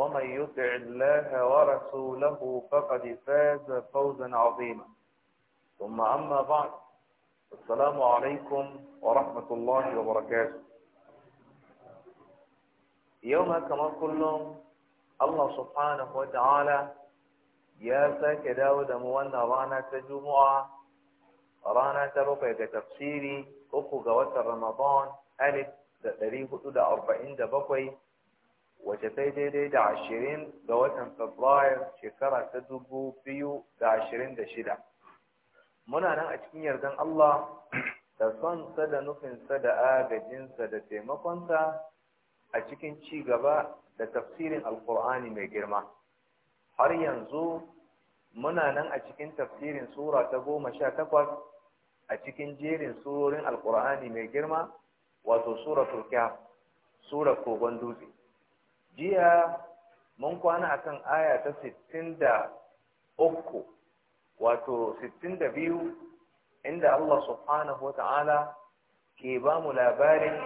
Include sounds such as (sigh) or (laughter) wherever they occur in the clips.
ومن يطع الله ورسوله فقد فاز فوزا عظيما ثم أما بعد السلام عليكم ورحمة الله وبركاته يوم كما كلهم الله سبحانه وتعالى يا ساك داود موانا رانا تجمع رانا تبقى تفسيري أخو قوات رمضان ألف أربعين دبقى wacce ta daidai da ashirin ga watan Fabrair shekara ta dubu biyu da ashirin da shida. Muna nan a cikin yardan Allah da sonsa da nufinsa da agajinsa da taimakonsa a cikin ci gaba da tafsirin Alƙur'ani mai girma. Har yanzu muna nan a cikin tafsirin Sura ta goma sha takwas a cikin jerin surorin Alƙur'ani mai girma wato Suratul Kahf, Sura Kogon Dutse. jiya mun kwana akan aya ta sittin da uku wato sittin da biyu inda Allah subhanahu wa ta'ala ke ba mu labarin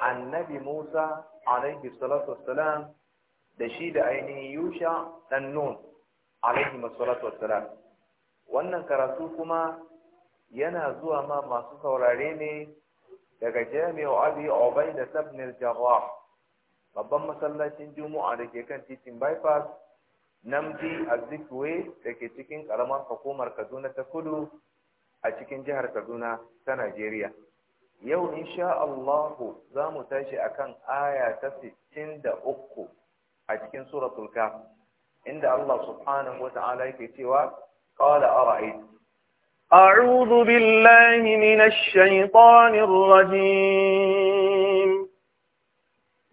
annabi Musa alaihi salatu wassalam da shi da ainihin Yusha dan Nun alaihi salatu wassalam wannan karatu kuma yana zuwa ma masu saurare ne daga Jami'u Abi Ubaida ibn al-Jarrah babban masallacin juma'a da ke kan titin bypass namdi azikwe da ke cikin karamar hukumar kaduna ta kudu a cikin jihar kaduna ta najeriya yau insha allahu za mu tashi akan aya ta 63 a cikin suratul kaf inda allah subhanahu wa ta'ala yake cewa qala ara'aytu أعوذ na من الشيطان الرجيم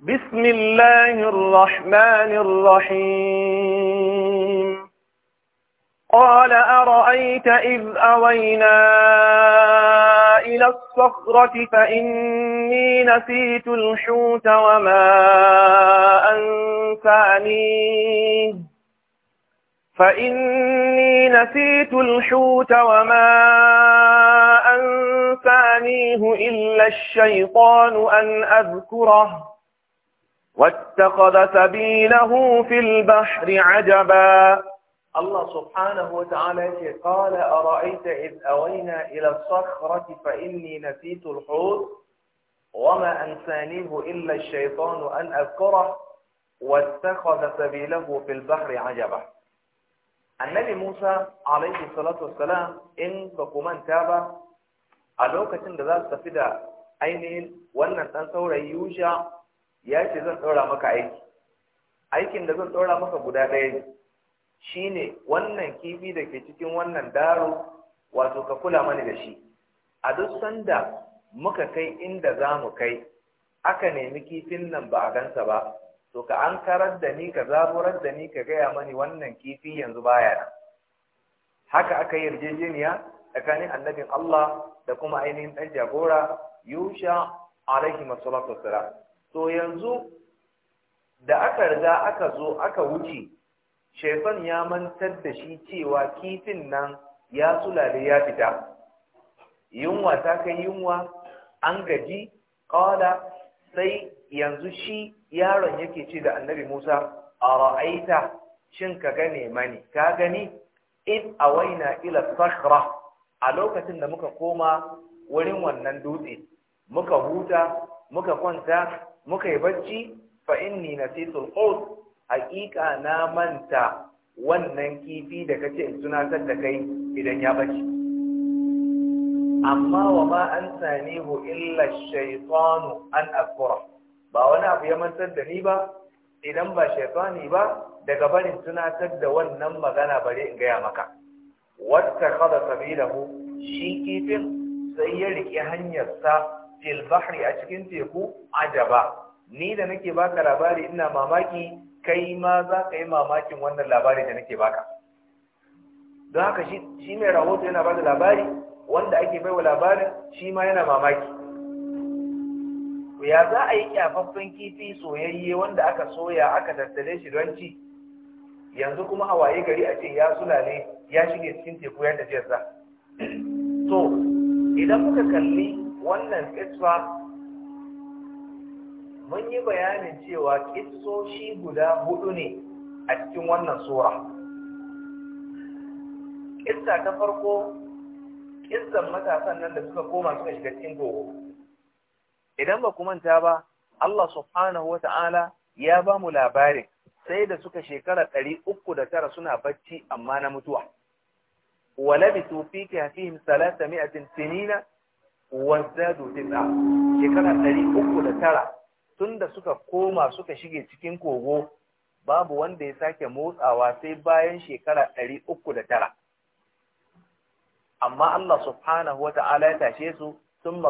بسم الله الرحمن الرحيم قال أرأيت إذ أوينا إلى الصخرة فإني نسيت الحوت وما أنسانيه فإني نسيت الحوت وما أنسانيه إلا الشيطان أن أذكره واتخذ سبيله في البحر عجبا الله سبحانه وتعالى قال أرأيت إذ أوينا إلى الصخرة فإني نسيت الحوت وما أنسانيه إلا الشيطان أن أذكره واتخذ سبيله في البحر عجبا النبي موسى عليه الصلاة والسلام إن فقمان تابا a lokacin da za su وأن da ainihin ya ce zan ɗora maka aiki aikin da zan ɗora maka guda ɗaya ne Shi ne wannan kifi da ke cikin wannan daro wato ka kula mani da shi a duk sanda muka kai inda za mu kai aka nemi kifin nan ba a gansa ba to ka an karar da ni ka zaburar da ni ka gaya mani wannan kifi yanzu baya nan haka aka yi yarjejeniya tsakanin annabin Allah da kuma ainihin ɗan jagora Yusha alaihi masalatu wassalam to yanzu da aka riga aka zo aka wuce Shaifan ya mantar da shi cewa kifin nan ya da ya fita yunwa ta kai yunwa an gaji kawada sai yanzu shi yaron yake ce da annabi musa a ra'aita shin ka gane mani ka gani in a waina ila sakra a lokacin da muka koma wurin wannan dutse muka huta muka kwanta muka yi bacci fa inni nasitul qaus haqiqa na manta wannan kifi da kace in tunatar da kai idan ya bacci amma wa ma an sanihu illa shaytanu an akura ba wani abu ya mantar da ni ba idan ba shaytani ba daga barin tunatar da wannan magana bare in gaya maka wata kada sabilahu shi kifin sai ya rike hanyarsa fil bahri a cikin teku ajaba ni da nake baka labari ina mamaki kai ma za ka yi mamakin wannan labari da nake baka don haka shi mai rahoto yana bada labari wanda ake baiwa labarin shi ma yana mamaki ya za a yi kyafaffen kifi soyayye wanda aka soya aka tattale shi don ci yanzu kuma a waye gari a ce ya sulale ya shige cikin teku ya tafiyarsa to idan muka kalli wannan kiswa mun yi bayanin cewa kisoshi guda hudu ne a cikin wannan sura kissa ta farko matasan nan da suka koma suka shiga cikin gogo idan ba ku manta ba Allah subhanahu wa ta'ala ya ba mu labarin sai da suka shekara ɗari uku da tara suna bacci amma na mutuwa walabitu fi kafihim salasami'atin sinina wazdadu tis'a shekara ɗari uku da tara tun suka koma suka shige cikin kogo babu wanda ya sake motsawa sai bayan shekara ɗari uku da tara amma Allah subhanahu wa ya tashe su sun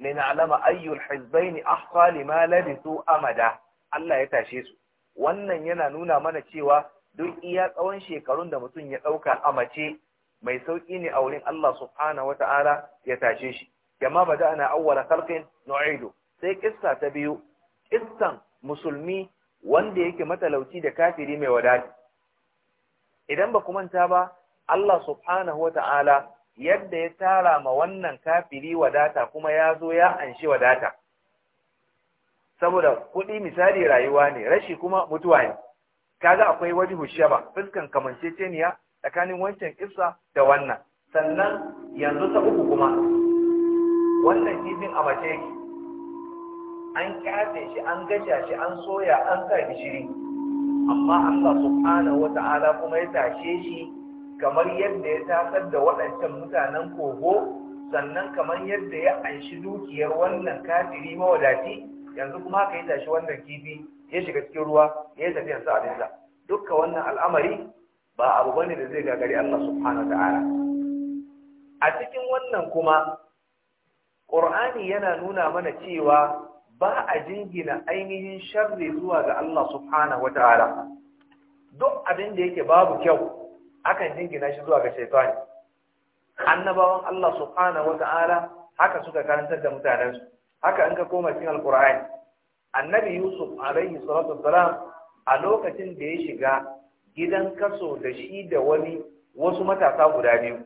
Lina lina'lama ayyul hizbaini ahqa lima labithu amada Allah ya tashe su wannan yana nuna mana cewa duk iya tsawon shekarun da mutum ya ɗauka amace. mai sauƙi ne a wurin Allah subhanahu wata'ala ya tashe shi kama bada ana awwala khalqin nu'idu sai kissa ta biyu kissan musulmi wanda yake matalauci da kafiri mai wadati idan ba ku manta ba Allah subhanahu wata'ala yadda ya tara ma wannan kafiri wadata kuma ya zo ya anshi wadata saboda kuɗi misali rayuwa ne rashi kuma mutuwa ne kaga akwai wajhu shaba fuskan kamanceceniya tsakanin wancan kissa da wannan sannan yanzu ta uku kuma wannan kifin a mace yake an kyafe shi an gasha shi an soya an sa gishiri. amma Allah subhanahu wata'ala kuma ya tashe shi kamar yadda ya tasar da waɗancan mutanen kogo sannan kamar yadda ya anshi dukiyar wannan kafiri mawadaci yanzu kuma ka yi tashi wannan kifi ya shiga cikin ruwa ya yi tafiyarsa a bisa Dukka wannan al'amari ba abu bane da zai gagari Allah subhanahu ta'ala a cikin wannan kuma Qur'ani yana nuna mana cewa ba a jingina ainihin sharri zuwa ga Allah subhanahu ta'ala. duk abin da yake babu kyau akan jingina shi zuwa ga shaytan annabawan Allah subhanahu ta'ala haka suka karantar da mutanensu haka in ka koma cikin alqur'ani annabi yusuf alaihi salatu wassalam a lokacin da ya shiga gidan kaso da shi da wani wasu matasa guda biyu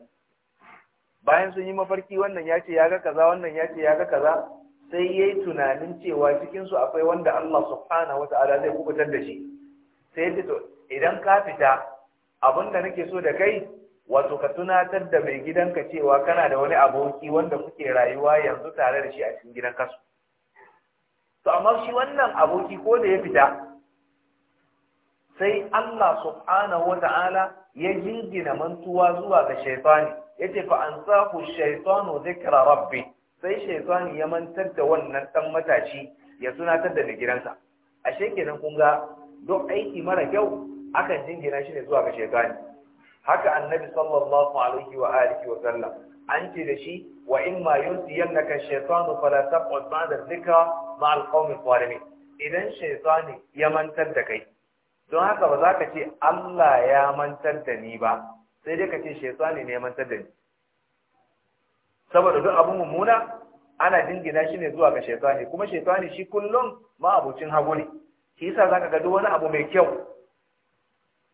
bayan sun yi mafarki wannan ya ce ya ga kaza wannan ya ce ya ga kaza sai ya yi tunanin cewa cikinsu akwai wanda Allah subhanahu wa ta'ala zai kubutar da shi sai ya to idan ka fita abin da nake so da kai wato ka tunatar da mai gidanka cewa kana da wani aboki wanda kuke rayuwa yanzu tare da shi a cikin gidan kaso. to amma shi wannan aboki ko da ya fita sai Allah subhanahu wa ta'ala ya jingina mantuwa zuwa ga shaitani ya ce fa an saku shaitanu zikra rabbi sai shaitani ya mantar da wannan dan matashi ya tunatar da mai gidansa ashe kenan kun ga duk aiki mara kyau akan jingina shi ne zuwa ga shaitani haka annabi sallallahu alaihi wa alihi wa sallam an ce da shi wa in ma yunsiyannaka shaytanu fala taq'ud ba'da dhikra qawmi idan shaytani ya mantar da kai don haka ba za ka ce Allah ya mantar da ni ba sai dai ka ce shaitani ne ya mantar da ni saboda duk abin mummuna ana dingina shi ne zuwa ga ne, kuma shaitani shi kullum ma abucin hagu ne shi yasa zaka ga duk wani abu mai kyau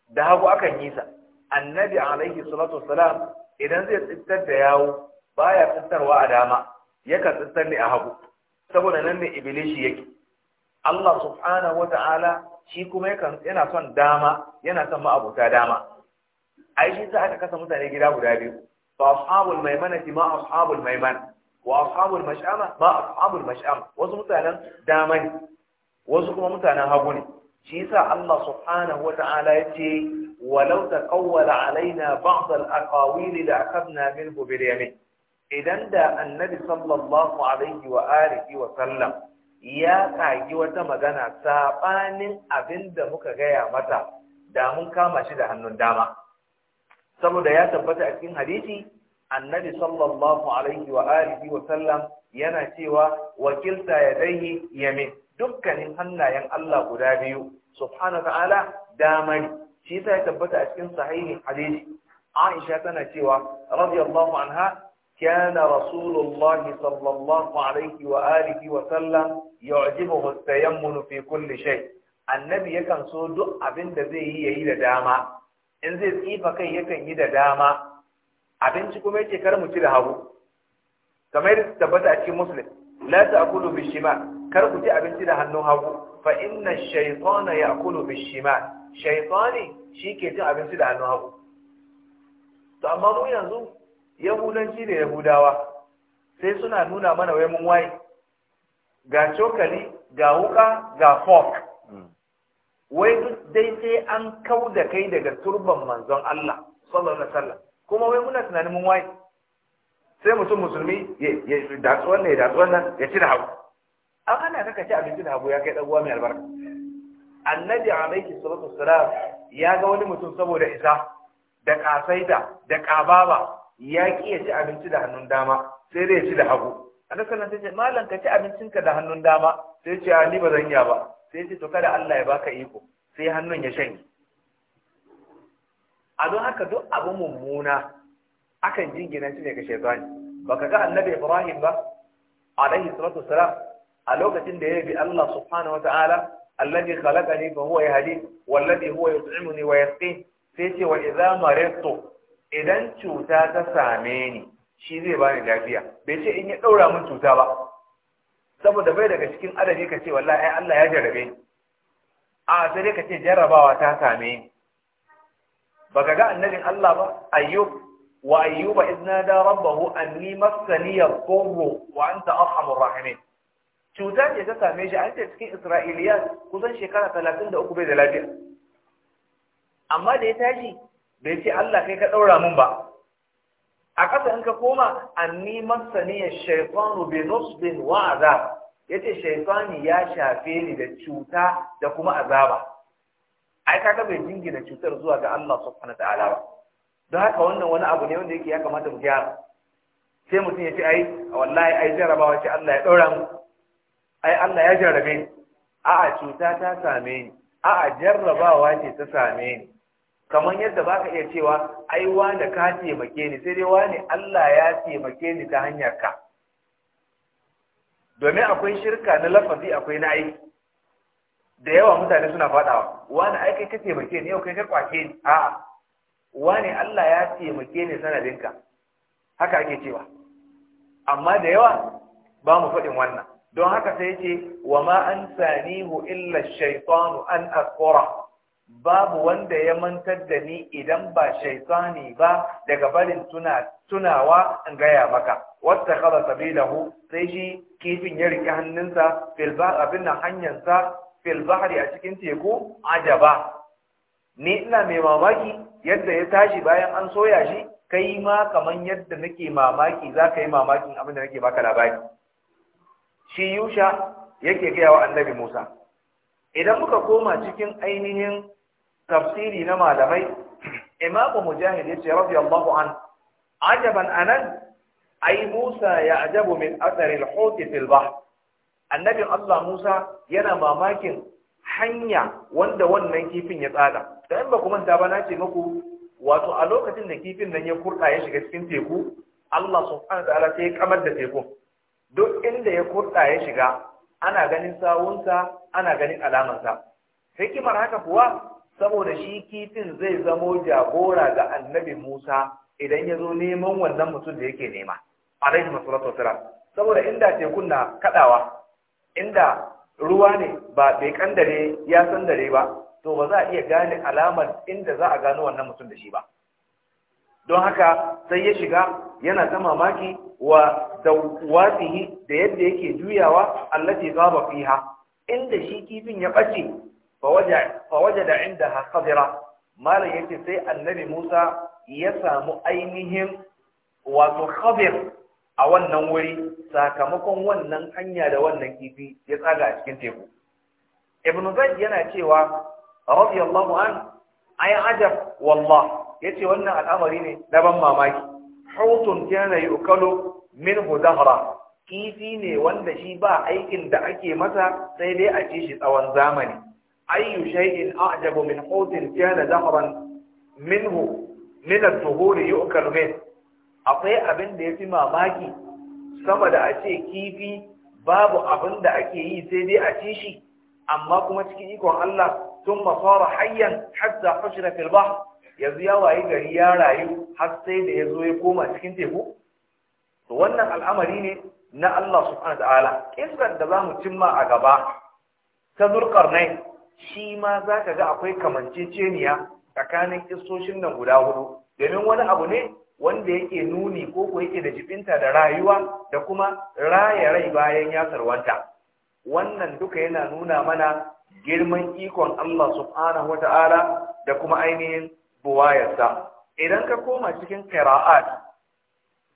da hagu akan yi sa annabi alaihi salatu wassalam idan zai tsittar da yawo baya tsittarwa a dama yakan tsittar ne a hagu saboda nan ne ibilishi yake Allah subhanahu ta'ala shi kuma yakan yana son dama yana son ma'abuta dama ai shi za aka kasa mutane gida guda biyu fa ashabul maimanati ma ashabul maiman wa ashabul mash'ama ma ashabul mash'ama wasu mutanen dama ne wasu kuma mutanen hagu ne shi yasa Allah subhanahu wata'ala yace walau taqawwala alaina ba'd al-aqawil la akhadna minhu bil yamin idan da annabi sallallahu alaihi wa alihi wa sallam ya kagi wata magana saɓanin abin da muka gaya mata da mun kama shi da hannun dama saboda ya tabbata a cikin hadisi annabi sallallahu alaihi wa alihi wa sallam yana cewa wakilta ya yadayhi yamin dukkanin hannayen Allah guda biyu subhanahu ta'ala damani shi ya tabbata a cikin sahihin hadisi Aisha tana cewa radiyallahu anha كان رسول الله صلى الله عليه وآله وسلم يعجبه التيمم في كل شيء annabi yakan so duk abin da zai yi ya yi da dama in zai tsifa kai yakan yi da dama abinci kuma yake kar mu ci da hagu kamar yadda tabbata a cikin muslim la ta'kulu bishima kar ku ci abinci da hannun hagu fa inna bishima shi ke cin abinci da hagu to amma yanzu yahudanci ne yahudawa sai suna nuna mana wai mun waye ga cokali ga wuka ga fork hmm. wai duk dai sai an kau da kai daga turban manzon Allah sallallahu alaihi wasallam kuma wai muna tunanin mun waye sai mutum musulmi ya datsu wannan da datsu wannan ya ci da hagu an hana ka ci abinci da hagu ya kai ɗaguwa mai albarka annabi alaihi salatu wassalam ya ga wani mutum saboda isa da kasaita da kababa ya ki ya ci abinci da hannun dama sai dai ya ci da hagu annabi sallallahu alaihi wasallam malam ka ci abincinka da hannun dama sai ce a ni ba zan iya ba sai ce to kada Allah ya baka iko sai hannun ya shanye a don haka duk abu mummuna akan jingina shi ne ga shaytani baka ga annabi Ibrahim ba alaihi salatu wassalam a lokacin da ya bi Allah subhanahu wataala alladhi khalaqani fa huwa yahdi walladhi huwa yut'imuni wa yasqini sai ce wa idza maridtu idan cuta ta same ni shi zai ba ni lafiya bai ce in ya ɗaura min cuta ba saboda bai daga cikin adadi ka ce wallahi ai Allah ya jarrabe. ni a sai dai ka ce jarrabawa ta same ni baka ga annabin Allah ba ayyub wa ayyuba idna nada rabbahu anni massani yadhurru wa anta arhamur rahimin cuta ce ta same shi an ce cikin Isra'iliya kusan shekara 33 bai da lafiya amma da ya tashi Bai ce Allah kai ka ɗaura min ba a ƙasa in ka koma anni masaniya shaifan rubinus bin wa'aza ya yace shaifani ya shafe ni da cuta da kuma azaba ai kaga bai jingina cutar zuwa ga Allah subhanahu ta'ala ba don haka wannan wani abu ne wanda yake ya kamata mu gyara sai mutum ya ce ai wallahi ai jarabawa ce Allah ya ɗaura mu ai Allah ya jarabe ni a'a cuta ta same ni a'a jarrabawa ce ta same ni kamar yadda ba ka iya cewa ai wane ka taimake ni sai dai wane Allah ya taimake ni ta hanyar ka domin akwai shirka na lafazi akwai na aiki da yawa mutane suna faɗawa wane ai kai ka taimake ni yau kai ka kwake ni a'a wane Allah ya taimake ni sanadinka haka ake cewa amma da yawa ba mu faɗin wannan don haka sai ce wa ma an sanihu illa shaytanu an asfora? babu wanda ya mantar da ni idan ba shaitani ba daga barin tuna tunawa in gaya maka wata kala sabilahu sai shi kifin ya rike hannunsa filba abin nan hanyarsa filbahari a cikin teku ajaba ni ina mai mamaki yadda ya tashi bayan an soya shi kai ma kaman yadda nake mamaki za ka yi mamakin abin da nake baka labari shi yusha yake gaya wa annabi musa idan muka koma cikin ainihin tafsiri na malamai imamu mujahid ya ce radiyallahu an ajaban anan ai Musa ya ajabu min athari al-hut fil annabin Allah Musa yana mamakin hanya wanda wannan kifin ya tsada in ba kuma da ba na ce muku wato a lokacin da kifin nan ya kurda ya shiga cikin teku Allah subhanahu wataala sai ya kamar da teku duk inda ya kurda ya shiga ana ganin sawunsa ana ganin alamansa hikimar haka kuwa saboda shi kifin zai zamo jagora ga annabi Musa idan ya zo neman wannan mutum da yake nema alaihi saboda inda tekun na kaɗawa, inda ruwa ne ba bai kandare ya sandare ba to ba za a iya gane alamar inda za a gano wannan mutum da shi ba don haka sai ya shiga yana ta mamaki wa watsihi da yadda yake juyawa Allah ya zaba fiha inda shi kifin ya bace fawaje da inda haƙadira malam ce sai annabi musa ya samu ainihin wato khadir a wannan wuri sakamakon wannan hanya da wannan kifi ya tsaga a cikin teku ibn zaid yana cewa radiyallahu an ay ajab wallah yace wannan al'amari ne na ban mamaki hutun kana yukalu minhu dahra kifi ne wanda shi ba aikin da ake masa sai dai a ci shi tsawon zamani أي شيء أعجب من حوت كان زهرا منه من الظهور يؤكل منه akwai abin da ya fi mamaki sama da a ce kifi babu abin da ake yi sai dai a ci amma kuma cikin ikon Allah tun mafara hayyan hatta fashira fil bahr yanzu ya wayi gari ya rayu har sai da ya zo ya koma cikin teku wannan al'amari ne na Allah subhanahu wa ta'ala da zamu cimma a gaba ta zurkarnai shi ma za ka ga akwai kamanceceniya tsakanin kistoshin nan guda hudu domin wani abu ne wanda yake nuni ko ko yake da jibinta da rayuwa da kuma raya rai bayan ya sarwanta wannan duka yana nuna mana girman ikon Allah subhanahu wata'ala da kuma ainihin buwayarsa idan ka koma cikin qira'at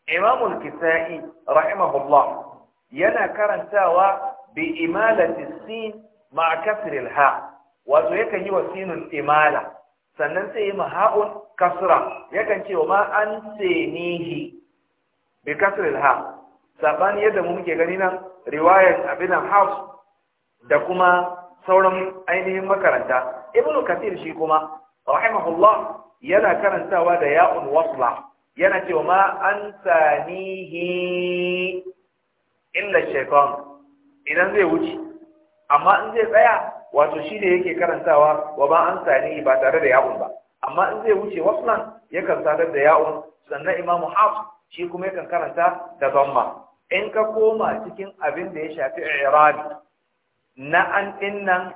Imam kisai rahimahullah yana karantawa bi imalati sin ma'a ha wato yakan yi wa sinun imala sannan sai yi maha'un kasra yakan ce wa ma an senihi bi kasril ha Saɓani yadda mu muke gani nan riwayar abinan house da kuma sauran ainihin makaranta ibnu kathir shi kuma rahimahullah yana karantawa da ya'un wasla yana cewa ma an sanihi illa shaytan idan zai wuce amma in zai tsaya wato shi ne yake karantawa wa ba an sani ba tare da ya'un ba amma in zai wuce waslan yakan sadar da ya'un sannan imamu hafs shi kuma yakan karanta da zamma in ka koma cikin abin da ya shafi irabi na an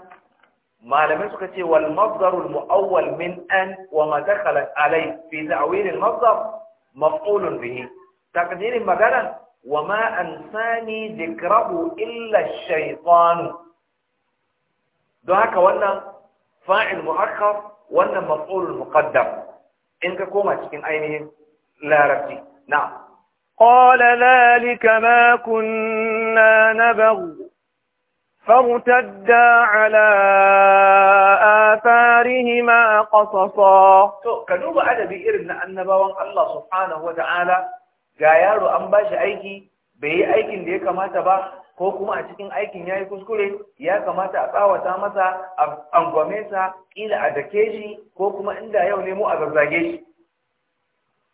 malamai suka ce wal mafdarul mu'awwal min an wa ma dakhala alai fi ta'wil al mafdar maf'ulun bihi takdirin magana wa ma ansani dhikrahu illa ash-shaytanu don haka wannan fa’il mu’akar wannan matsolin muƙaddam in ka koma cikin ainihin larabci na ƙola lalika makon na nabaru famtadda ala a farihi ma ƙasasa to ka duba adabi irin na annabawan Allah subhanahu wa ga yaro an ba shi aiki bai yi aikin da ya kamata ba ko kuma a cikin aikin ya yi kuskure ya kamata a tsawata masa a angwame sa ƙila a dake shi ko kuma inda yau ne mu a zazzage shi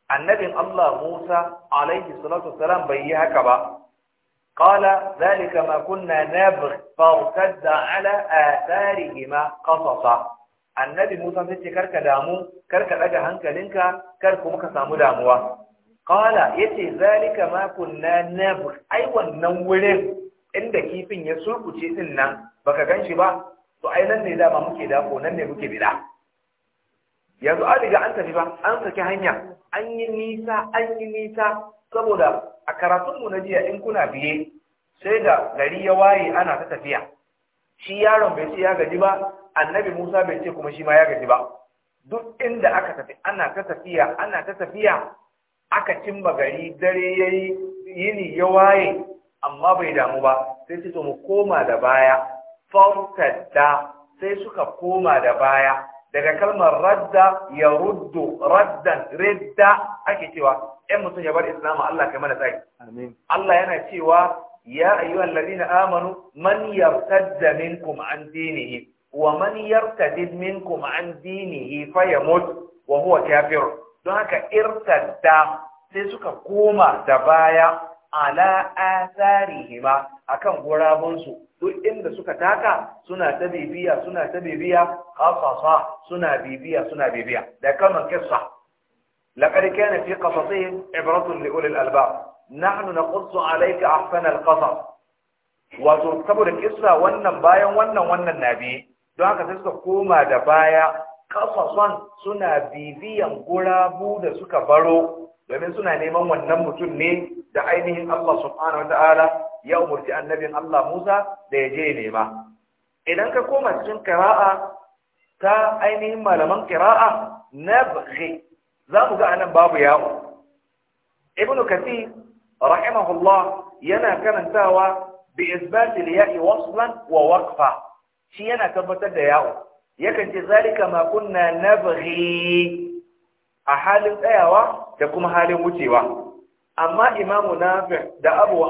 annabin Allah Musa alaihi salatu wassalam bai yi haka ba قال ذلك ما كنا نبغ فارتد على آثارهما قصصا annabi Musa sai ce karka damu karka daga hankalinka kar kuma ka samu damuwa qala yace zalika ma kunna nabr ai wannan wurin inda kifin ya surkuce din nan baka gan shi ba to ai nan ne dama muke dako nan ne muke bida yanzu an riga an tafi ba an saki hanya an yi nisa an yi nisa saboda a karatun mu na jiya in kuna biye sai da gari ya waye ana ta tafiya shi yaron bai ce ya gaji ba annabi musa bai ce kuma shi ma ya gaji ba duk inda aka tafi ana ta tafiya ana ta tafiya aka cimma gari dare yayi yini ya waye amma bai damu ba sai ce mu koma da baya fartadda sai suka koma da baya daga kalmar radda ya ruddu raddan radda ake cewa ɗan mutum ya bar islamu Allah kai mana tsari Allah yana cewa ya ayyuhal ladina amanu man yartadda minkum an dinihi wa man yartadid minkum an dinihi fayamut wa huwa kafir don haka irtadda sai suka koma da baya ala Asarihima, akan gurabunsu duk inda suka taka suna ta bibiya suna ta bibiya qasasa suna bibiya suna bibiya da kalmar qissa laqad kana fi qasasihim ibratun li ulil albab nahnu naqussu alayka ahsana alqasas wato saboda qissa wannan bayan wannan wannan nabi don haka sai suka koma da baya qasasan suna bibiyan gurabu da suka baro domin suna neman wannan mutum ne da ainihin Allah subhanahu wa ta'ala ya umurci annabin Allah Musa da ya je nema idan ka koma cikin kira'a ta ainihin malaman kira'a nabghi za mu ga anan babu yawo ibn kathir rahimahullah yana karantawa bi isbat al-ya'i waslan wa waqfa shi yana tabbatar da yawo yakan ce zalika ma kunna nabghi a halin tsayawa da kuma halin wucewa amma imamu nafi da abu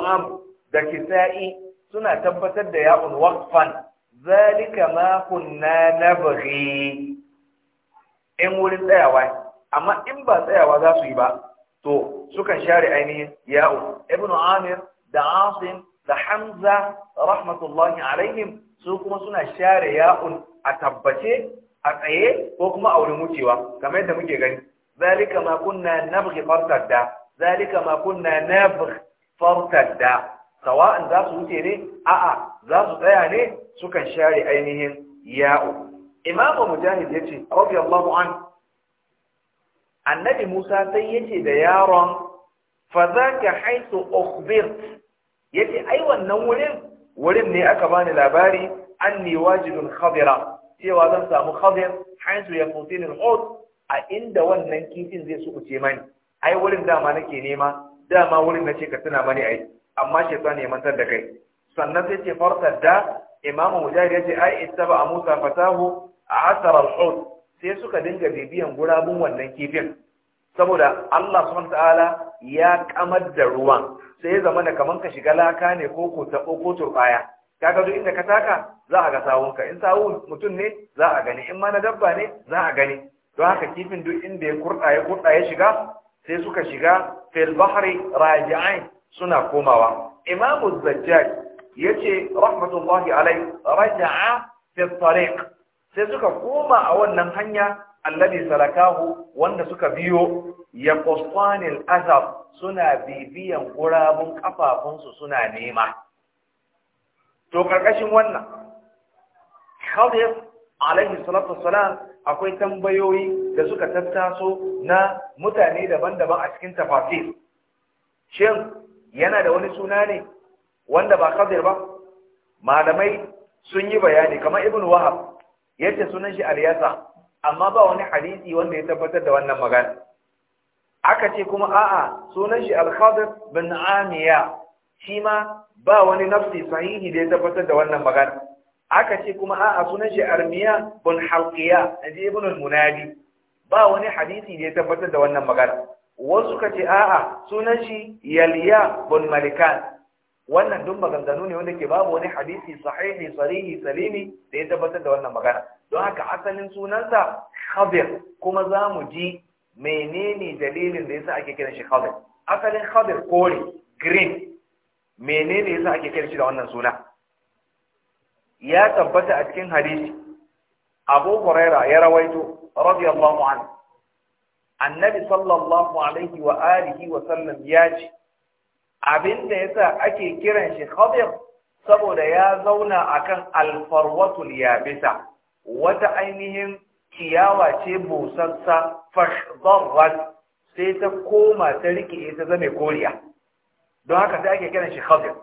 da kisa'i suna tabbatar da ya'un waqfan zalika ma kunna nabghi in wurin tsayawa amma in ba tsayawa za su yi ba to sukan share ainihin ya'u Ibn amir da asim da hamza rahmatullahi alaihim su kuma suna share ya'un a tabbace a tsaye ko kuma a wurin wucewa kamar yadda muke gani zalika ma kunna nabghi fartadda zalika ma kunna nabgh fartadda sawa'an za su wuce ne a'a za su tsaya ne sukan share ainihin ya'u imam mujahid yace Allah an annabi musa sai yace da yaron fa zaka haitu ukhbirt yace ai wannan wurin wurin ne aka bani labari anni wajidun khadira cewa zan samu khadir haitu yafutini al a inda wannan kifin zai su uce mani ai wurin dama nake nema dama wurin nace ka tuna mani ai amma shaytan ya mantar da kai sannan sai ce farkar da imamu mujahid ya ai ittaba a musa fatahu a al al sai suka dinga bibiyan gurabun wannan kifin saboda Allah subhanahu ta'ala ya kamar da ruwan sai zama da kaman ka shiga laka ne ko ko ta ko turbaya kaga duk inda ka taka za a ga sawunka in sawu mutum ne za a gani in ma na dabba ne za a gani don haka kifin duk inda ya kurɗa ya ya shiga sai suka shiga fil bahri raji'ain suna komawa imamu zajjaj ce rahmatullahi alai raja'a fi sai suka koma a wannan hanya alladhi salakahu wanda suka biyo ya qastanil azab suna bibiyan gurabun kafafunsu suna nema to karkashin wannan khadir alaihi salatu wassalam akwai tambayoyi da suka tattaso na mutane daban-daban a cikin tafafir shin yana da wani suna ne wanda ba kadir ba malamai sun yi bayani kamar ibn wahab yace sunan shi aliyasa amma ba wani hadisi wanda ya tabbatar da wannan magana aka ce kuma a'a sunan shi al-khadir bin amiya shi ma ba wani nafsi sahihi da ya tabbatar da wannan magana aka ce kuma a'a sunan shi armiya bin halkiya naji ibn al-munadi ba wani hadisi da ya tabbatar da wannan magana wasu ka ce a'a sunan shi yalya bin malikan wannan duk maganganu ne wanda ke babu wani hadisi sahihi sarihi salimi da ya tabbatar da wannan magana don haka asalin sunansa khabir kuma za mu ji menene dalilin da yasa ake kira shi khabir asalin khabir kore green menene yasa ake kira shi da wannan suna ya tabbata a cikin hadisi Abu Huraira ya rawaito radiyallahu anhu Annabi sallallahu alaihi wa alihi wa sallam ya ce abinda yasa ake kiran shi khadir saboda ya zauna akan alfarwatul yabisa wata ainihin ciyawa ce busassa fashdarrat sai ta koma ta rike ta zame koriya don haka sai ake kiran shi khadir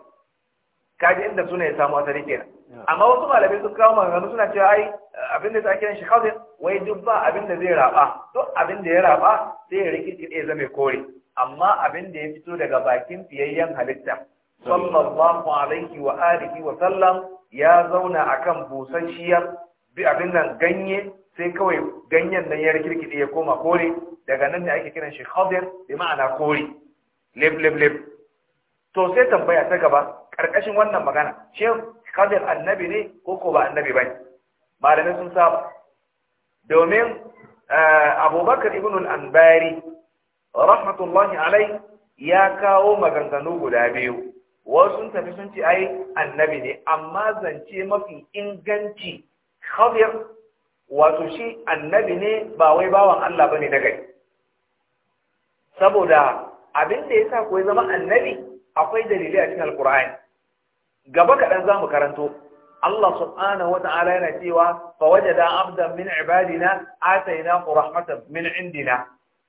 kaji inda suna ya samu asali kenan amma wasu malamai sun kawo maganganu suna cewa ai abin da ta kiran shi kawai wai duk ba abin da zai raba to abin da ya raba sai ya rikici ya zama kore amma abin da ya fito daga bakin fiyayyen halitta sallallahu alaihi wa alihi wa sallam ya zauna akan busasshiyar bi abin nan ganye sai kawai ganyen nan ya rikirkide ya koma kore daga nan ne ake kiran shi khadir bi ma'ana kore leb leb leb to sai tambaya ta gaba karkashin wannan magana shin Khadir annabi ne ko ko ba annabi bane Malamin sun saba domin eh, Abubakar ibn al-Anbari rahmatullahi alai ya kawo maganganu guda biyu wasu tafi sun ce ai annabi ne amma zance mafi inganci Khadir wato shi annabi ne ba wai bawan Allah bane na gari saboda abin da sa ko zama annabi akwai dalili a cikin alkur'ani gaba kaɗan za mu karanto Allah subhanahu wata'ala yana cewa fa wajada abdan min ibadina atainahu rahmatan min indina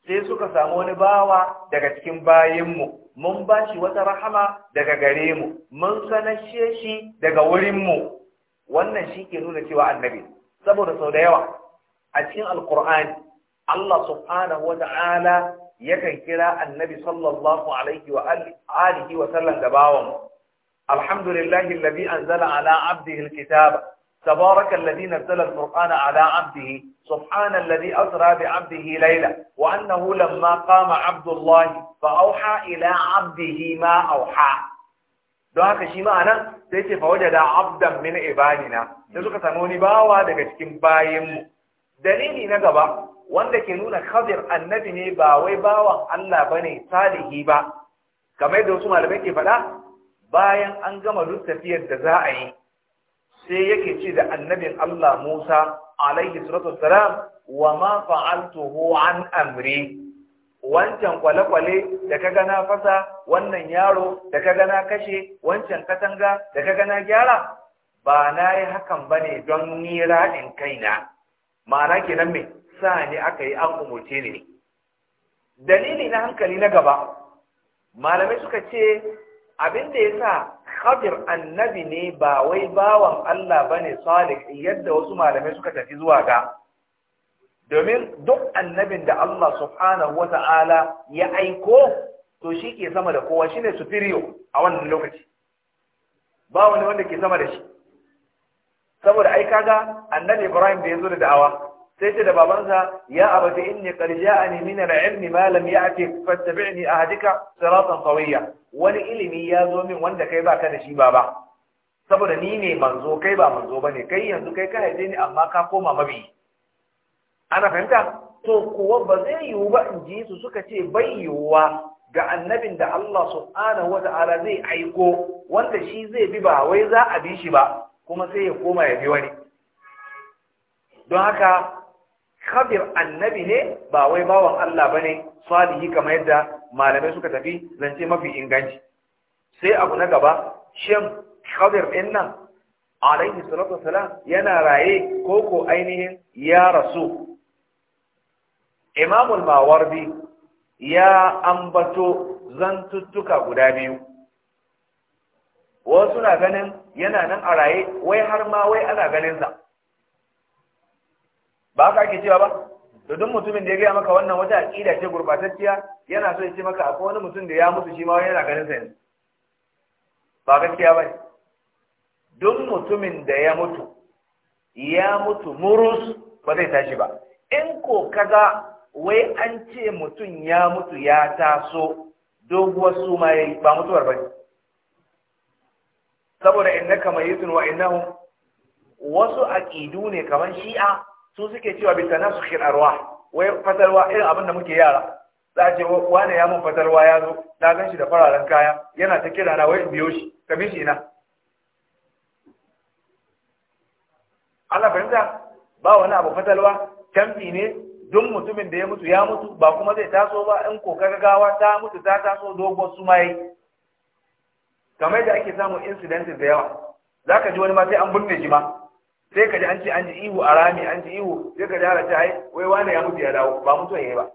sai suka samu wani bawa daga cikin bayanmu. mun ba shi wata rahama daga gare mu mun sanashe shi daga wurinmu wannan shi ke nuna cewa annabi saboda sau da yawa a cikin alkur'ani Allah subhanahu wa ta'ala yakan kira annabi sallallahu alaihi wa alihi wa sallam da bawan الحمد لله الذي أنزل على عبده الكتاب تبارك الذي نزل القرآن على عبده سبحان الذي أسرى بعبده ليلة وأنه لما قام عبد الله فأوحى إلى عبده ما أوحى don haka shi ma'ana sai ce fawaje da abdan min ibadina da suka samu wani bawa daga cikin bayanmu. dalili na gaba wanda ke nuna khadir annabi ne ba wai bawan Allah bane salihi ba kamar yadda wasu malamai ke faɗa bayan an gama duk tafiyar da za a yi sai yake ce da annabin Allah Musa alaihi salatu wassalam wa ma fa'altuhu an amri wancan kwale-kwale da kaga na fasa wannan yaro da kaga na kashe wancan katanga da kaga na gyara ba na yi hakan bane don ni kai kaina ma'ana kenan me sa ne aka yi an umurce ne. dalili na hankali na gaba malamai suka ce abin da yasa Khadir annabi ne ba wai bawan Allah bane salih yadda wasu malamai suka tafi zuwa ga domin duk annabin da Allah subhanahu wata'ala ya aiko to shi ke sama da kowa Shi ne superior a wannan lokaci ba wani wanda ke sama da shi saboda ai kaga annabi Ibrahim da ya zo da da'awa sai ce da babansa ya abata inni qad ja'ani min al-ilmi ma lam ya'ti fattabi'ni ahdika siratan qawiyya wani ilimi ya zo min wanda kai baka da shi baba saboda ni ne manzo kai ba manzo bane kai yanzu kai ka haife ni amma ka koma mabi ana fahimta to kuwa ba zai yiwu ba in ji su suka ce bai yiwuwa ga annabin da Allah subhanahu ta'ala zai aiko wanda shi zai bi ba wai za a bi shi ba kuma sai ya koma ya bi wani don haka khabir annabi ne ba wai bawan Allah ba bane salihi kamar yadda malamai suka tafi zance mafi inganci sai abu na gaba shin khabir din nan alaihi salatu wasalam yana raye ko ko ainihin ya rasu imamul mawardi ya ambato zantuttuka guda biyu wasu na ganin yana nan a raye wai har ma wai ana ganinsa ba haka ake cewa ba to duk mutumin da ya gaya maka wannan wata aqida ce gurbatacciya yana so ya ce maka akwai wani mutum da ya mutu shi ma yana ganin sa yanzu ba gaskiya ba duk mutumin da ya mutu ya mutu murus ba zai tashi ba in ko kaza wai an ce mutum ya mutu ya taso doguwar suma yayi ba mutuwar ba saboda innaka mayitun wa innahum wasu aqidu ne kaman shi'a su suke cewa bi tanasukhil arwa wai fatalwa irin abin da muke yara za a ce wane ya mun fatalwa ya zo na gan shi da fararen kaya yana ta kira na wai in biyo shi ka bi shi na Allah fahimta ba wani abu fatalwa canfi ne duk mutumin da ya mutu ya mutu ba kuma zai taso ba in ko gawa ta mutu ta taso dogon su ma yi kamar yadda ake samun incidences da yawa za ka ji wani ma sai an binne shi ma sai ka ji an ce an ji ihu a rami an ji ihu sai ka ji ta yi wai wani ya mutu ya dawo ba mutu ya yi ba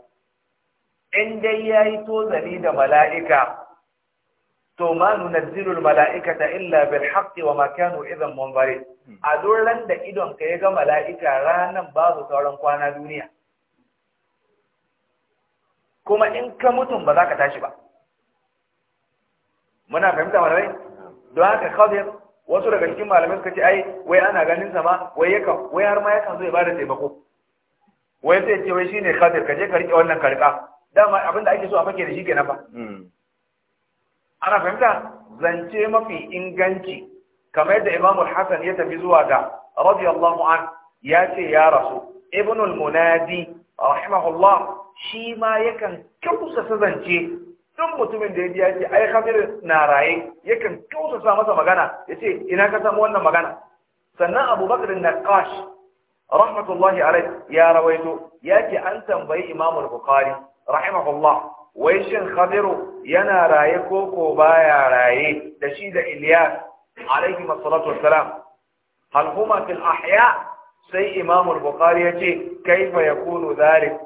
in dai ya yi tozali da mala'ika to ma mala'ika mala'ikata illa bil haqqi wa ma kanu idan munzari hmm. a duran da idon ka ya ga mala'ika ranan babu sauran kwana duniya kuma in ka mutum ba za ka tashi ba muna fahimta rai, don haka kawai wasu daga cikin malamai suka ce ai wai ana ganin sama? wai yakan wai har ma yakan zo ya bada taimako wai sai ce wai shine khatir ka ka rike wannan karka dama abinda ake so a fake da shi kenan fa hmm. ana fahimta zance mafi inganci kamar yadda Imam Hassan ya tafi zuwa ga radiyallahu an ya ce ya rasu ibnul al-Munadi rahimahullah shi ma yakan kausa zance duk mutumin da ya ji ya ce ai Khadir na raye yakan sa masa magana ya ce ina ka samu wannan magana sannan Abu Bakr an-Naqash rahmatullahi alayhi ya rawaito Yaki an tambayi Imam al-Bukhari rahimahullah wai shin Khadiru yana raye ko ko baya raye da shi da Ilyas alayhi masallatu wassalam hal huma fil ahya sai Imam al-Bukhari ya ce kaifa yakunu dhalik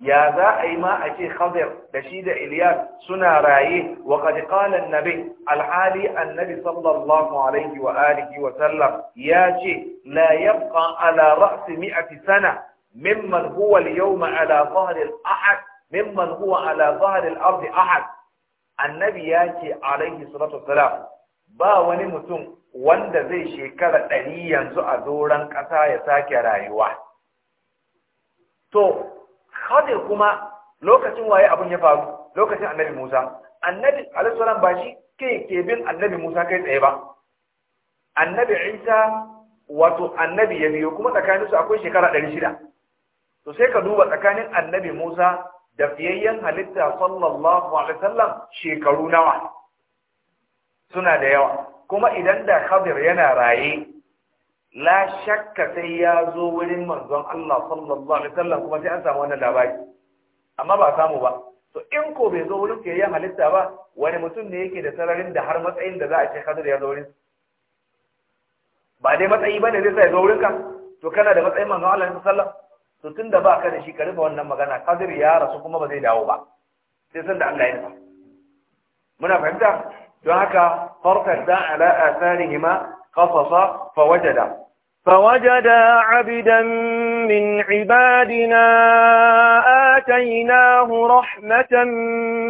ya za a yi ma a ce khadir da shi da iliyas suna raye wa qad qala annabi alhali annabi sallallahu alaihi wa alihi wa sallam ya ce la yabqa ala ra's mi'ati sana mimman huwa al-yawma ala dhahri al-ahad mimman huwa ala dhahri al ahad annabi ya ce alaihi salatu wassalam ba wani mutum wanda zai shekara ɗari yanzu a doron ƙasa ya sake rayuwa to Khadir kuma lokacin waye abun ya faru lokacin annabi Musa annabi alaihi salam ba shi ke bin annabi Musa kai tsaye ba annabi Isa wato annabi ya biyo kuma tsakaninsu akwai shekara 600 to sai ka duba tsakanin annabi Musa da fiyayyen halitta sallallahu alaihi wasallam shekaru nawa suna da yawa kuma idan da Khadir yana raye la shakka sai ya zo wurin manzon Allah sallallahu alaihi wasallam kuma sai an samu wannan labari amma ba samu ba to in ko bai zo wurin ke ya halitta ba wani mutum ne yake da sararin da har matsayin da za a ce kadir ya zo wurin ba dai matsayi ba ne zai sa ya zo wurin ka to kana da matsayin manzon Allah sallallahu alaihi wasallam to tunda ba ka da shi ka rufe wannan magana kadir ya rasu kuma ba zai dawo ba sai san da Allah ya nufa muna fahimta don haka farka da ala asarihima قصص فوجد فوجد عبدا من عبادنا آتيناه رحمة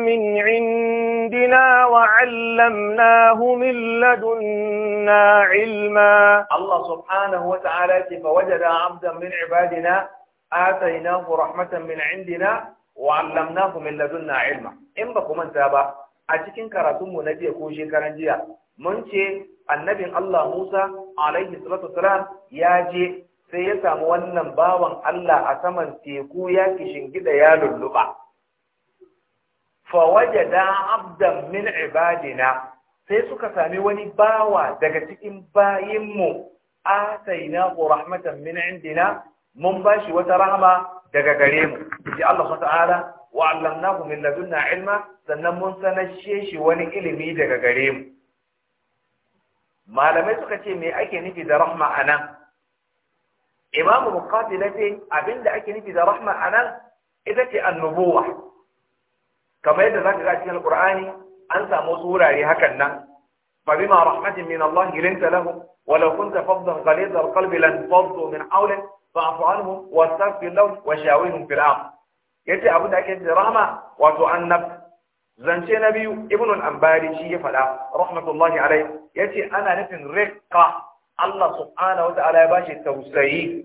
من عندنا وعلمناه من لدنا علما الله سبحانه وتعالى فوجد عبدا من عبادنا آتيناه رحمة من عندنا وعلمناه من لدنا علما إن بكم أنت أبا أتكين كراتم ونجي أكوشي كرنجيا منشي annabin Allah Musa alaihi salatu wasalam ya je sai ya samu wannan bawan Allah a saman teku ya shingida ya lulluɓa. fa wajada abdan min ibadina sai suka sami wani bawa daga cikin bayinmu ataina rahmatan min indina mun bashi wata rahama daga gare mu ji Allah ta'ala wa 'allamnahu min ladunna ilma sannan mun sanashe shi wani ilimi daga gare mu malamai suka ce me ake nufi da rahma anan imamu bukhari na ce abinda ake nufi da rahma anan ita ce annubuwa kamar yadda zaka ga cikin alqur'ani an samu wasu wurare hakan nan fa bima rahmatin min Allah linta lahu walau kunta faddan ghalid alqalbi lan faddu min hawlik fa'fu anhum wastaghfir lahum wa shawirhum fil amr yace abinda ake nufi da rahma wato annab zance na biyu ibnu al-ambari shi ya faɗa rahmatullahi alaihi yace ana nufin rikka Allah subhanahu wata'ala ya bashi tausayi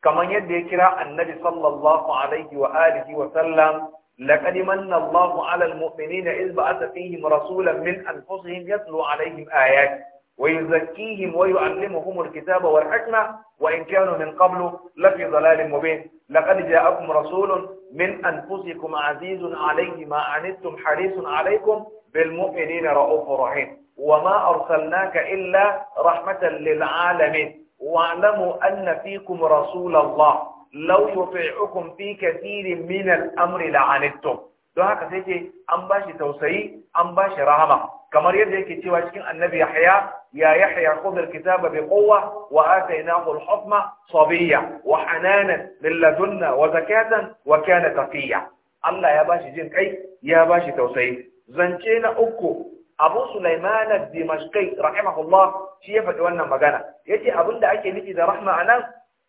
kamar yadda ya kira annabi sallallahu alaihi wa alihi wa sallam لقد من الله على المؤمنين إذ بعث فيهم رسولا من أنفسهم يتلو عليهم آيات ويزكيهم ويعلمهم الكتاب والحكمة وإن كانوا من قبل لفي ضلال مبين لقد جاءكم رسول من أنفسكم عزيز عليه ما عنتم حريص عليكم بالمؤمنين رؤوف رحيم وما أرسلناك إلا رحمة للعالمين واعلموا أن فيكم رسول الله لو يطيعكم في كثير من الأمر لعنتم دوها كثيرة أنباشي توسعي باش رحمة كما يجيك تواجك النبي يحيى يا يحيى خذ الكتاب بقوة وآتيناه الحكمة صبية وحنانا للذنة وزكاة وكان تقية الله يا باشي جنك أي يا باشي توسعي زنجينا أكو Abu Sulaiman ad dimashqi rahimahullah shi ya faɗi wannan magana yace abinda ake nufi da rahma anan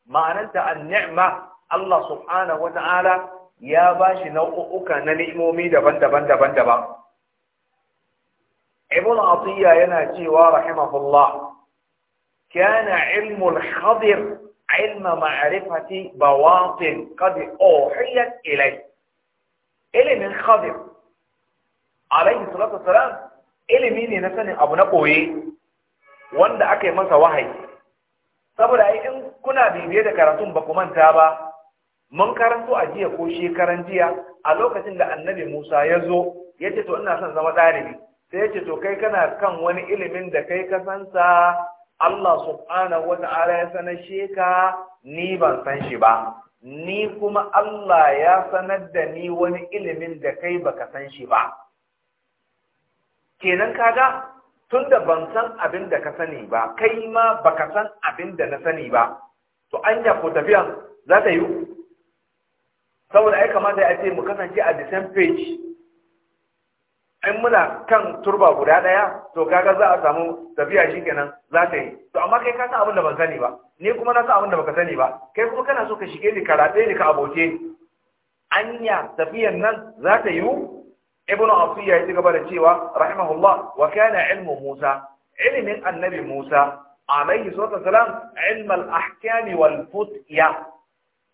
ma'ananta an-ni'ma Allah subhanahu wa ta'ala ya bashi nau'uka na ni'imomi daban-daban daban-daban Ibn atiya yana cewa rahimahullah كان علم الخضر علم معرفة بواطن قد أوحيت إليه علم الخضر عليه الصلاة والسلام ilimi ne na sanin abu na ɓoye wanda aka yi masa wahayi saboda in kuna bibiye da karatun ba ku manta ba mun karanto a jiya ko shekaran jiya a lokacin da annabi musa ya zo ya ce to ina son zama ɗalibi sai ya ce to kai kana kan wani ilimin da kai ka san sa Allah subhanahu wata'ala ya sanar sheka ni ban san shi ba ni kuma Allah ya sanar da ni wani ilimin da kai baka san shi ba kenan kaga tun da ban san abin da ka sani ba kai ma baka san abin da na sani ba to anya ko tafiyan za ta yi saboda ai kamata ya ce mu kasance a the same page in muna kan turba guda ɗaya, to kaga za a samu tafiya kenan za ta yi to amma kai ka san abin da ban sani ba ni kuma na san abin da baka sani ba kai kuma kana so ka shige ni karaɗe ni ka aboke anya tafiyan nan za ta yiwu ibnu asiya ya ci gaba da cewa rahimahullah wa kana ilmu musa ilmin annabi musa alaihi salatu wasalam ilm al ahkami wal futya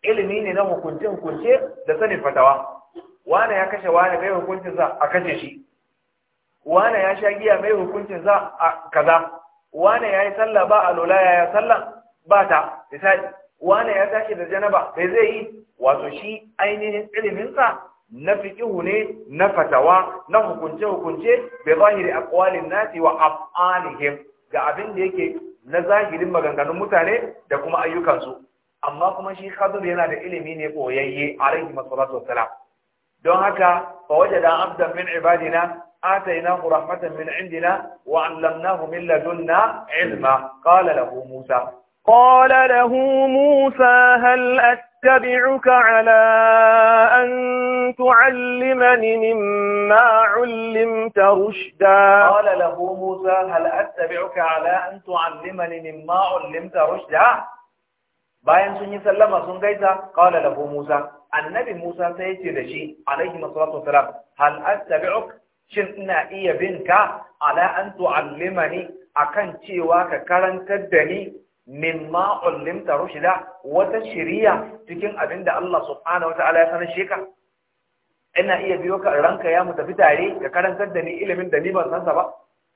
ilimi ne na hukunce hukunce da sanin fatawa wane ya kashe Wani mai hukuncin za a kashe shi wane ya sha giya mai hukuncin za a kaza wane ya yi sallah ba a lola ya ya sallah ba ta misali wane ya tashi da janaba bai zai yi wato shi ainihin iliminsa na fiƙihu ne na fatawa na hukunce-hukunce bai zahiri a ƙwalin nasi wa af'alihim ga abin da yake na zahirin maganganun mutane da kuma ayyukansu amma kuma shi khazir yana da ilimi ne koyayye alaihi masalatu wassalam don haka fa wajada abdan min ibadina atainahu rahmatan min indina wa 'allamnahu min ladunna ilma qala lahu musa qala lahu musa hal أتبعك على أن تعلمني مما علمت رشدا قال له موسى هل أتبعك على أن تعلمني مما علمت رشدا باين سني سلم سنجيزا قال له موسى النبي موسى سيتي دشي عليه الصلاة والسلام هل أتبعك شن إنا إيا بنك على أن تعلمني أكن تيواك كرن تدني Min mimma ulimta rushida wata shiriya cikin abinda Allah subhanahu Ta'ala ya sanar ka? ina iya biyo ka ranka ya mu tafi tare ka karantar da ni ilimin da ni ban san sa ba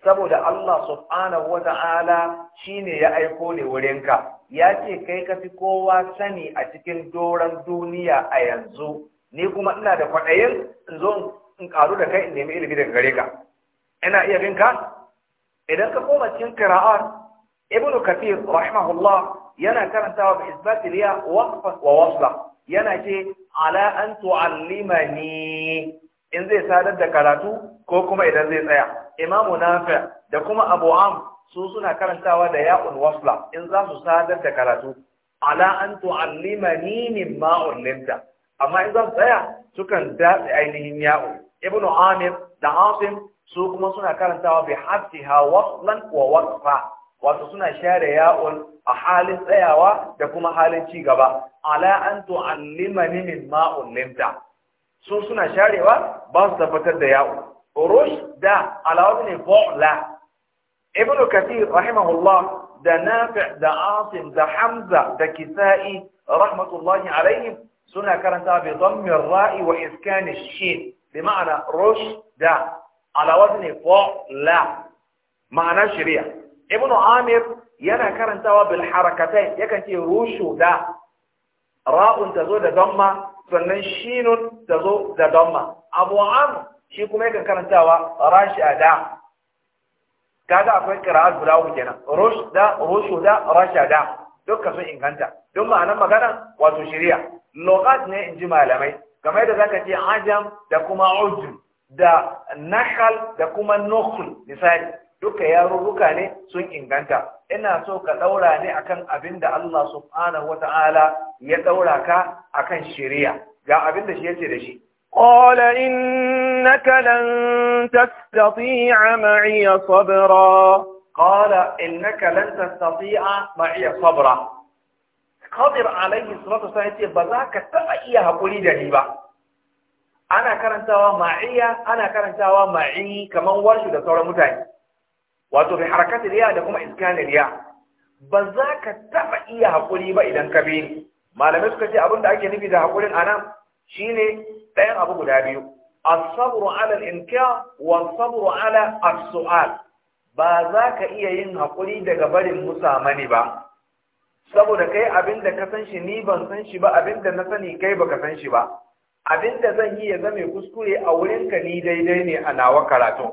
saboda Allah subhanahu ta'ala shine ya aiko ne wurinka ya ce kai ka fi kowa sani a cikin doran duniya a yanzu ni kuma ina da kwaɗayin in zo in karu da kai in nemi ilimi daga gare ka ina iya binka idan ka koma cikin kira'ar ibn kafir rahimahullah yana karantawa bi isbati riya waqfa wa wasla yana ce ala an tu'allimani in zai sadar da karatu ko kuma idan zai tsaya imamu nafi' da kuma abu am su suna karantawa da ya'un wasla in za su sadar da karatu ala an tu'allimani mimma ullimta amma in za su tsaya sukan datse ainihin ya'u ibnu amir da asim su kuma suna karantawa bi hafsiha waslan wa waqfa wato suna share ya'un a halin tsayawa da kuma halin ci gaba ala an tu'allimani mimma ullimta su suna sharewa ba su tabbatar da ya'u urush da alawu ne fa'la ibnu kathir rahimahullah da nafi' da asim da hamza da kisa'i rahmatullahi alaihim suna karanta bi dhammi ra'i wa iskan shin bi ma'ana rush da ala wazni fa'la ma'ana shari'a ibn amir yana karantawa bil harakatain yakan ce da ra'un tazo da damma sannan shinun tazo da damma abu am shi kuma yakan karantawa rashada kaga akwai qira'at guda uku kenan da rushuda rashada dukkan sun inganta don ma'anar magana wato shari'a lokat ne in ji malamai kamar yadda zaka ce ajam da kuma ujum da nahal da kuma nukhl misali duka yarurruka ne sun inganta ina so ka daura ne akan abin da Allah subhanahu wata'ala ya daura ka akan shari'a ga abin da shi yace da shi qala innaka lan tastati'a ma'iya sabra qala innaka lan tastati'a ma'iya sabra Qadir alaihi salatu wasallam yace ba za ka taba iya hakuri da ni ba ana karantawa ma'iya ana karantawa ma'i kaman warshu da sauran mutane wato mai harakatar riya da kuma iskanin riya ba za ka taɓa iya haƙuri ba idan ka bi ni. malamai suka ce abin da ake nufi da haƙurin a nan ne ɗayan abu guda biyu asabru ala al wa sabru ala asu'al ba za ka iya yin haƙuri daga barin musamani ba saboda kai abin da ka san shi ni ban san shi ba abin da na sani kai baka san shi ba abin da zan yi ya zame kuskure a wurinka ni daidai ne a nawa karatu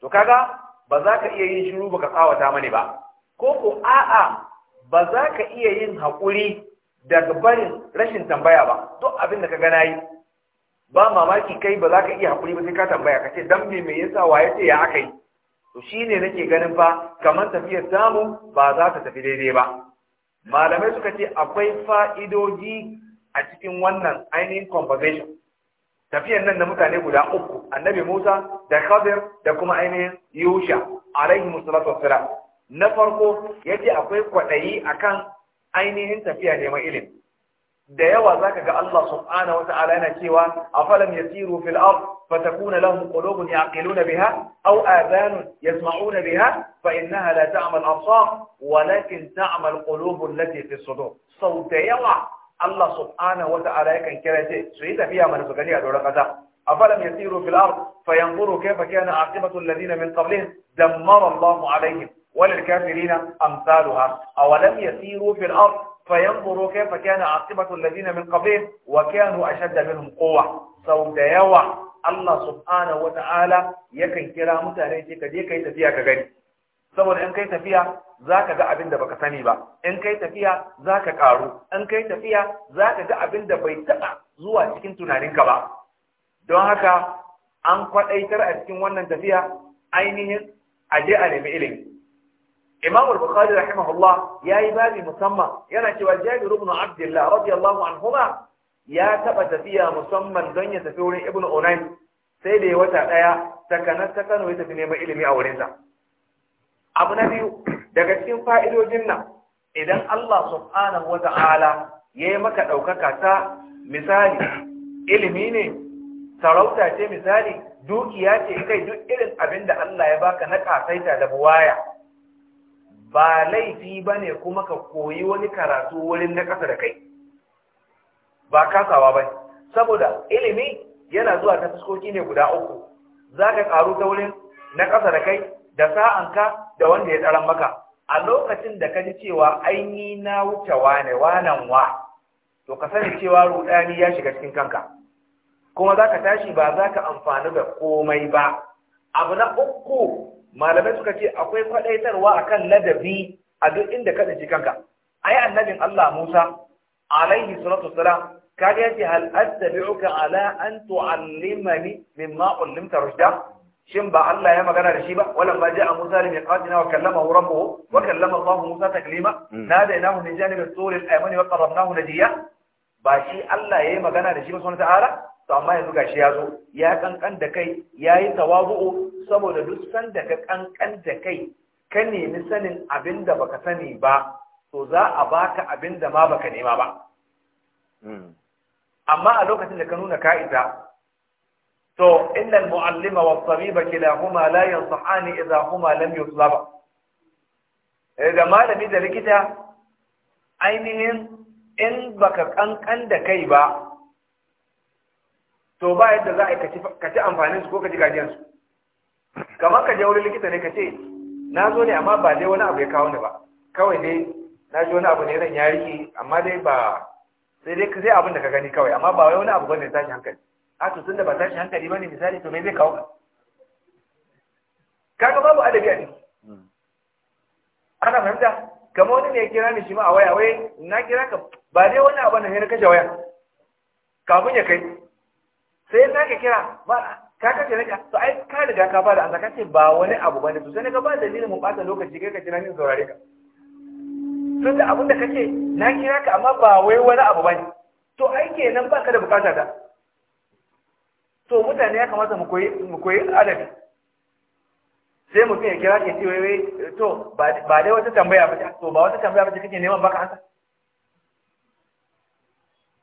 to kaga ba za ka iya yin shiru baka tsawata mani ba ko ko a'a ba za ka iya yin haƙuri daga barin rashin tambaya ba duk abin da ka gana yi ba mamaki kai ba za ka iya haƙuri ba sai ka tambaya ka ce dan me me yasa waye ce ya aka yi to shine nake ganin fa kamar tafiyar samu ba za ta tafi daidai ba malamai suka ce akwai fa'idoji a cikin wannan ainihin conversation tafiyan nan da mutane guda uku annabi Musa da Khadir da kuma ainihin Yusha alaihi musallatu wassalam na farko yace akwai kwadayi akan ainihin tafiya neman ilimi da yawa zaka ga Allah subhanahu wata'ala yana cewa afalam yasiru fil ard fatakuna lahum qulubun yaqiluna biha aw adhanun yasma'una biha fa innaha la ta'mal absar walakin ta'mal qulubul lati fi sudur sau da yawa Allah subhanahu wata'ala yakan kira ce su yi tafiya mana su gani a doron kasa afalam yasiru fil ard fayanzuru kayfa kana aqibatu alladhina min qablihim dammara Allahu alaihim وللكافرين أمثالها أولم يسيروا في الأرض فينظروا كيف كان عاقبة a من قبلهم وكانوا أشد منهم قوة سو da yawa Allah subhanahu wa yakan kira mutane ce ka je ka yi tafiya ka gani saboda in kai tafiya za ka ga abin da baka sani ba in kai tafiya za ka karu in kai tafiya za ka ga abin da bai taɓa zuwa cikin tunaninka ba don haka an kwaɗaitar a cikin wannan tafiya ainihin aje a nemi ilimi imam al-bukhari rahimahullah yayi babi musamman yana cewa jabir ibn abdullah radiyallahu anhuma ya taba tafiya musamman don ya tafi wurin ibn unay sai da ya wata daya sakana ta kano ya tafi neman ilimi a wurinsa abu na biyu daga cikin fa'idojin nan idan Allah subhanahu Ta'ala ya yi maka ɗaukaka ta misali ilimi ne sarauta ce misali dukiya ce kai duk irin abin da Allah ya baka na kasaita da buwaya ba laifi ba ne kuma ka koyi wani karatu wurin na ƙasa da kai ba kasawa ba saboda ilimi yana zuwa ta fuskoki ne guda uku za ka ƙaru ta wurin na ƙasa da kai da sa'anka da wanda ya tsaran maka a lokacin da ka ji cewa aini na wuce wane wanan wa to ka sani cewa rudani ya shiga cikin kanka kuma za ka tashi ba za ka amfani da komai ba abu na uku malamai suka ce akwai kwadaitarwa kan ladabi a duk inda ka ɗaci kanka ai annabin Allah Musa alaihi salatu wassalam kaga yace hal attabi'uka ala an tu'allimani mimma ullimta rushda shin ba Allah ya magana da shi ba wala ma ja'a Musa li miqatina wa kallamahu rabbuhu wa kallama Allah Musa taklima hmm. nadainahu min janibi as-sur al-aymani wa qarrabnahu najiya ba shi Allah yayi magana da shi ba subhanahu ta'ala to amma yanzu gashi ya zo ya kankan da kai yayi tawabu'u saboda duk sanda ka kankan da kai ka nemi sanin abinda baka sani ba to za a baka abinda ma baka nema ba hmm. amma a lokacin da ka nuna ka'ida to al muallima wa tabiba kilahuma la yansahani idza huma lam yuslaba da eh, malami da likita ainihin in baka kankan da kai ba to ba yadda za a ka ci amfanin su ko ka ji gajiyar su kamar ka je wurin likita ne ka ce na zo ne amma ba dai wani abu ya kawo ni ba kawai dai na ji wani abu ne ran ya rike amma dai ba sai dai ka sai abin da ka gani kawai amma ba wai wani abu bane tashi hankali a to tunda ba tashi hankali bane misali to me zai kawo ka kaga babu adabi a ciki hmm. ana fahimta kamar wani ne ya kira ni shi ma a waya wai na kira ka ba dai wani abu ne na kashe waya kafin ya kai sai na ka kira ba ka kace na to ai ka riga ka bada an ka ce ba wani abu bane to sai na ga ba dalilin mu bata lokaci kai ka kira ni saurare ka tun da abin da kace na kira ka amma ba wai wani abu bane to ai kenan ka da bukata ta to mutane ya kamata mu koyi adabi sai mutum ya kira ke cewa wai to ba dai wata tambaya ba to ba wata tambaya ba kake neman baka ansa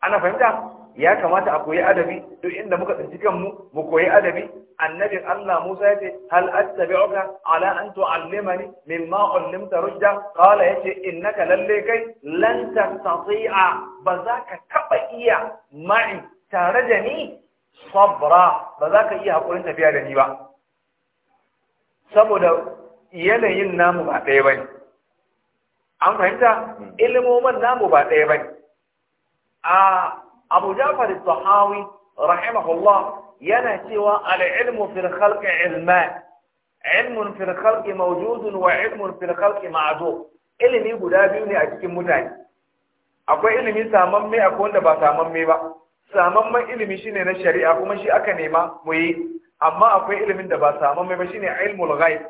ana fahimta ya kamata a koyi adabi duk inda muka tsinci kanmu mu koyi adabi annabin Allah Musa ya ce hal attabi'uka ala an tu'allimani mimma ullimta rujda qala yace innaka lalle kai lan tastati'a ba za ka taba iya ma'i tare da ni sabra ba za ka iya haƙurin tafiya da ni ba saboda yanayin namu ba ɗaya ba ne an fahimta hmm. ilimomin namu ba ɗaya ba ne a abu jafar sahawi rahimahullah yana cewa al'ilmu fil khalqi ilma ilmun fil khalqi wa ilmun fil khalqi ilimi guda biyu ne a cikin mutane akwai ilimin samamme akwai wanda ba samamme ba samamman ilimi shine na shari'a kuma shi aka nema mu yi amma akwai ilimin da ba samamman ba shine ilmul ghaib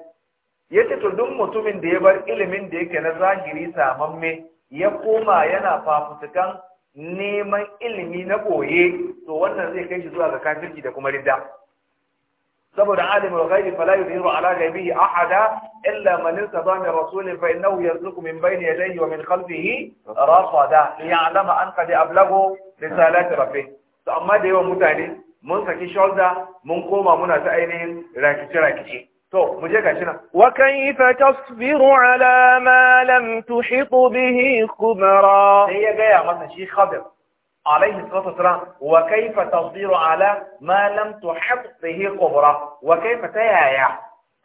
yace to duk mutumin da ya bar ilimin da yake na zahiri samamme ya koma yana fafutukan neman ilimi na boye to wannan zai kai shi zuwa ga kafirci da kuma ridda saboda alimul ghaibi fala yuzhiru ala ghaibihi ahada illa man irtada min rasulin fa innahu yarzuqu min bayni yadayhi wa min khalfihi rafada ya'lamu an qad ablagu risalata rafe to amma da yawan mutane mun saki shoulder mun koma muna ta ainihin rakice rakice to mu je gashi nan wa kayfa tasbiru ala ma lam tuhit bihi khubra sai ya gaya masa shi khabir عليه الصلاة والسلام وكيف تصبر على ما لم bihi به wa وكيف تيايا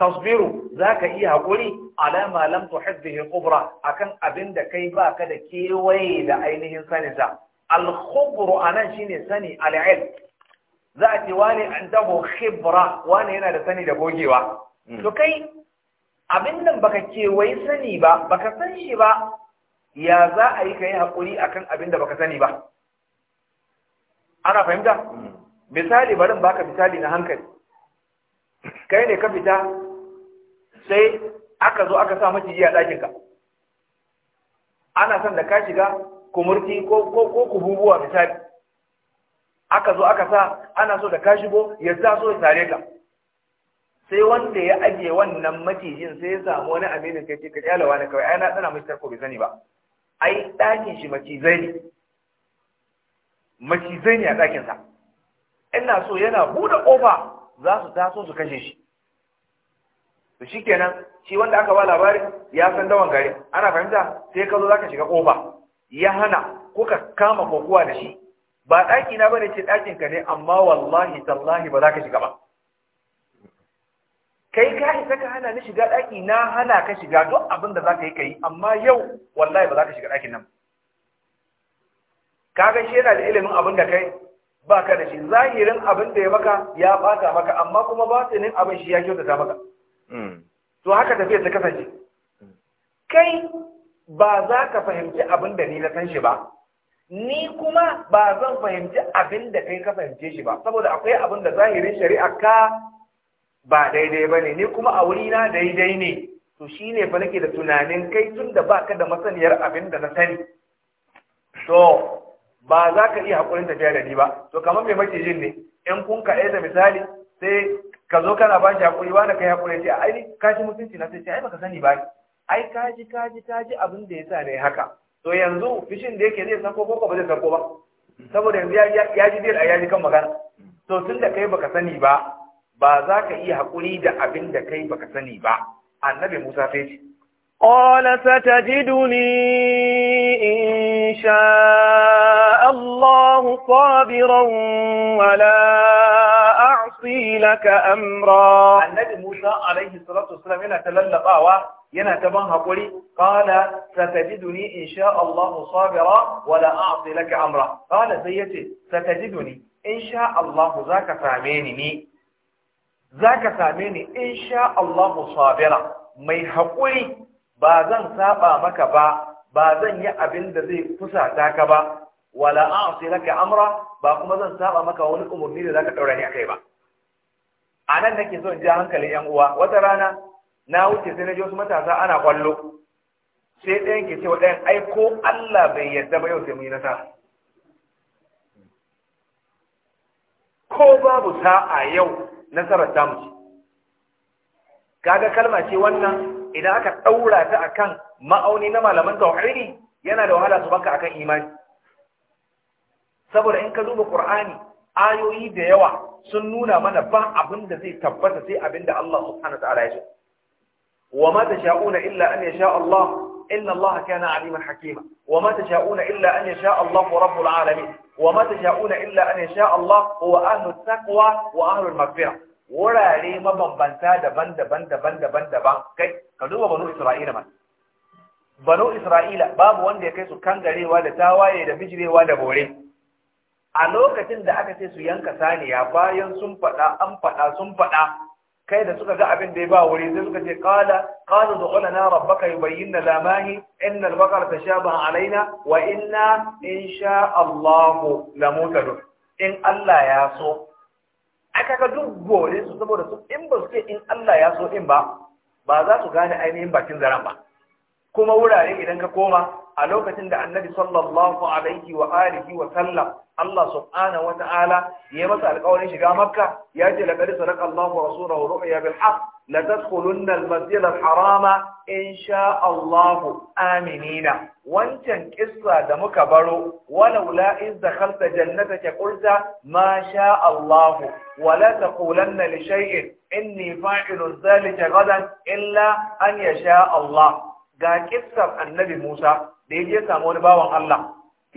تصبر ذاك إيه قولي على ما لم تحط به قبرة أكن أبند كيبا كده كيوي kewaye da ainihin ذا al-khubru anan shine sani al-ilm za a ce wani an dabo khibra wani yana da sani da gogewa hmm. to kai abin nan baka kewaye sani ba baka san shi ba ya za a yi kai hakuri akan abin da baka sani ba ana fahimta hmm. misali barin baka misali na hankali kai ne ka fita sai aka zo aka sa maciji a ɗakinka ana son da ka shiga kumurti ko ko kububuwa misali aka zo aka sa ana so da ka shigo ya sa so ya sare ka sai wanda ya ajiye wannan macijin sai ya samu wani aminin sai ce ka kyalawa na kawai ai na tsana mai tarko bai sani ba ai ɗakin shi macizai ne macizai ne a ɗakinsa ina so yana buɗe ƙofa za su taso su kashe shi to shikenan shi wanda aka ba labarin ya san dawan gari ana fahimta sai ka zo zaka shiga ƙofa ya hana kuka kama kokuwa da shi ba ɗaki na bane ce ɗakin ka ne amma wallahi tallahi ba za ka shiga ba kai ka isa ka hana ni shiga ɗaki na hana ka shiga duk abin da za ka yi ka yi amma yau wallahi ba za ka shiga ɗakin nan ga shi yana da ilimin abin da kai ba ka da shi zahirin abin da ya maka ya ɓata maka amma kuma ba nin abin shi ya kyautata maka hmm. to haka tafiya ta kasance hmm. kai ba za ka fahimci abin da ni na san shi ba ni kuma ba zan fahimci abin da kai ka fahimce shi ba saboda akwai abin da zahirin shari'a ka ba daidai ba ne ni kuma a wuri na daidai ne to shi ne fa nake da tunanin kai tun da ba ka da masaniyar abin da na sani to ba za ka iya haƙurin tafiya da ni ba to kamar mai jin ne in kun ka da misali sai ka zo kana ba shi haƙuri wani kai haƙuri ce ai ka shi mutunci na sai ce ai baka sani ba ai kaji kaji kaji abin da ya sa ne haka to yanzu fishin da yake zai sako ko ba zai sako ba saboda yanzu ya ji dai a yaji kan magana to tun da kai baka sani ba ba za ka iya haƙuri da abin da kai baka sani ba annabi musa sai ce satajiduni ستجدني إن شاء الله صابرا ولا أعصي amra. Annabi Musa موسى salatu الصلاة yana هنا تللقا yana ta ban haƙuri ƙala satajiduni insha Allah sabira wala a'ti laka amra ƙala sai yace satajiduni insha Allah zaka same ni ni zaka same ni insha Allah sabira mai haƙuri ba zan saba maka ba ba zan yi abin da zai fusata ka ba wala a'ti laka amra ba kuma zan saba maka wani umarni da zaka daura ni akai ba anan nake so in ji hankalin yan uwa wata rana na wuce sai na ji wasu matasa ana kwallo sai ɗayan ke cewa ɗayan ai ko Allah bai yarda ba yau sai mu yi nasara ko babu sa'a yau nasarar ta mu kaga kalma ce wannan idan aka ɗaura ta a kan ma'auni na malaman tauhidi yana da wahala su baka akan imani saboda in ka duba qur'ani ayoyi da yawa sun nuna mana ba abin da zai tabbata sai abinda da Allah subhanahu wa ta'ala ya so وما تشاءون إلا أن يشاء الله إن الله كان عليما حكيما وما تشاءون إلا أن يشاء الله رب العالمين وما تشاءون إلا أن يشاء الله هو أهل التقوى وأهل المغفرة wurare mabambanta daban-daban daban-daban daban kai ka duba banu isra'ila man banu isra'ila babu wanda ya kai su kangarewa da tawaye da bijirewa da bore a lokacin da aka ce su yanka saniya bayan sun faɗa an faɗa sun faɗa kai da suka ga abin da ya ba wuri sai suka ce qala qalu du'lana rabbaka yubayyin lana ma hi inna al-baqara tashabaha alaina wa inna insha Allah la in Allah ya so aka ga duk gore su saboda su in ba su ce in Allah ya so din ba ba za su gane ainihin bakin zaran ba kuma wurare idan ka koma a lokacin da annabi sallallahu alaihi wa alihi wa sallam Allah subhanahu wa ta'ala ya masa alƙawarin shiga makka ya ce laqad sadaqa Allahu wa rasuluhu ru'ya bil haqq la tadkhulunna al al harama in sha allahu aminina wancan kissa da muka baro walau la in dakhalta jannataka qulta ma sha Allah wa la taqulanna li shay'in inni dhalika gadan illa an yasha Allah ga kissar annabi Musa da yake samu wani bawan Allah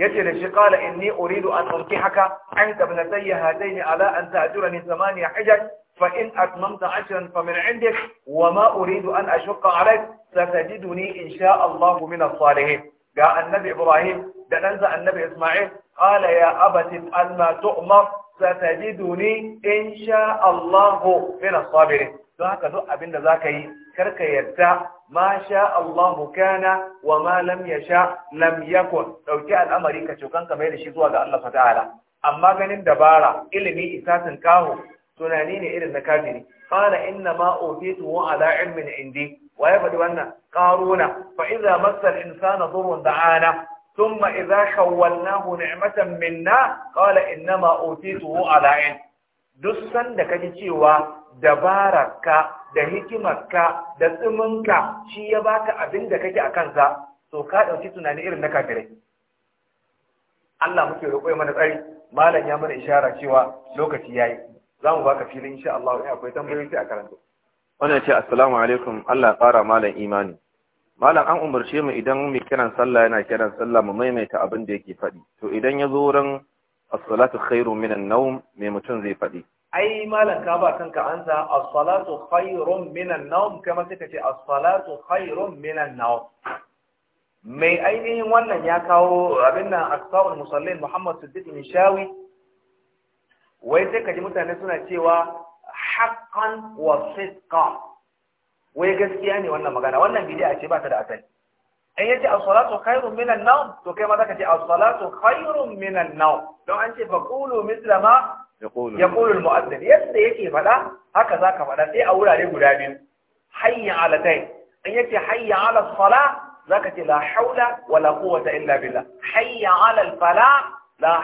yace da shi qala inni uridu an umki haka an tabnatayya hadaini ala an ta'jurani thamaniya hijaj fa in atmamta ashran fa min indik wa ma uridu an ashqa alayk satajiduni in sha Allah min as-salihin ga annabi Ibrahim da dan za annabi Ismail qala ya abati alma tu'mar satajiduni in sha Allah min as-sabirin don haka duk abin da zaka yi karka yarda ma sha Allahu kana wa ma lam sha lam yakun dauki al'amari ka cokan ka mai da shi zuwa ga Allah ta'ala amma ganin dabara ilimi isatin kaho tunani ne irin na kafiri qala inna ma utitu ala ilmin indi wa ya faɗi wannan qaruna fa idza massa insana dhurrun da'ana thumma idza khawwalnahu ni'matan minna qala inna ma utitu ala ilm duk sanda kaji cewa dabararka da hikimarka da tsiminka shi ya baka abin da kake a kansa to ka ɗauki tunani irin na kafirai Allah muke roƙo mana tsari malam ya mana ishara cewa lokaci ya yi. za mu baka filin insha Allah in akwai tambayoyi sai a karanta wannan ce assalamu alaikum Allah ya fara malam imani malam an umarce mu idan mu kiran sallah yana kiran sallah mu maimaita abin da yake faɗi to idan ya zo wurin as-salatu khairu minan nawm me mutum zai faɗi ai malam ka ba kanka an sa as-salatu khairun minan nawm kama sai ce as-salatu khairun minan nawm mai ainihin wannan ya kawo abin nan sa'ul musallin Muhammad Siddiq shawi. wai sai kaji mutane suna cewa haqqan wa sidqa wai gaskiya ne wannan magana wannan bid'a ce ba ta da asali in yace as-salatu khairun min an-nawm to kai ma zaka ce as-salatu khairun min an-nawm don an ce fa qulu mithla ma يقول المؤذن يبدا yake faɗa haka zaka faɗa sai a wurare guda biyu hayya ala tay in yace hayya ala sala zaka ce la haula wala quwwata illa billah hayya ala al fala la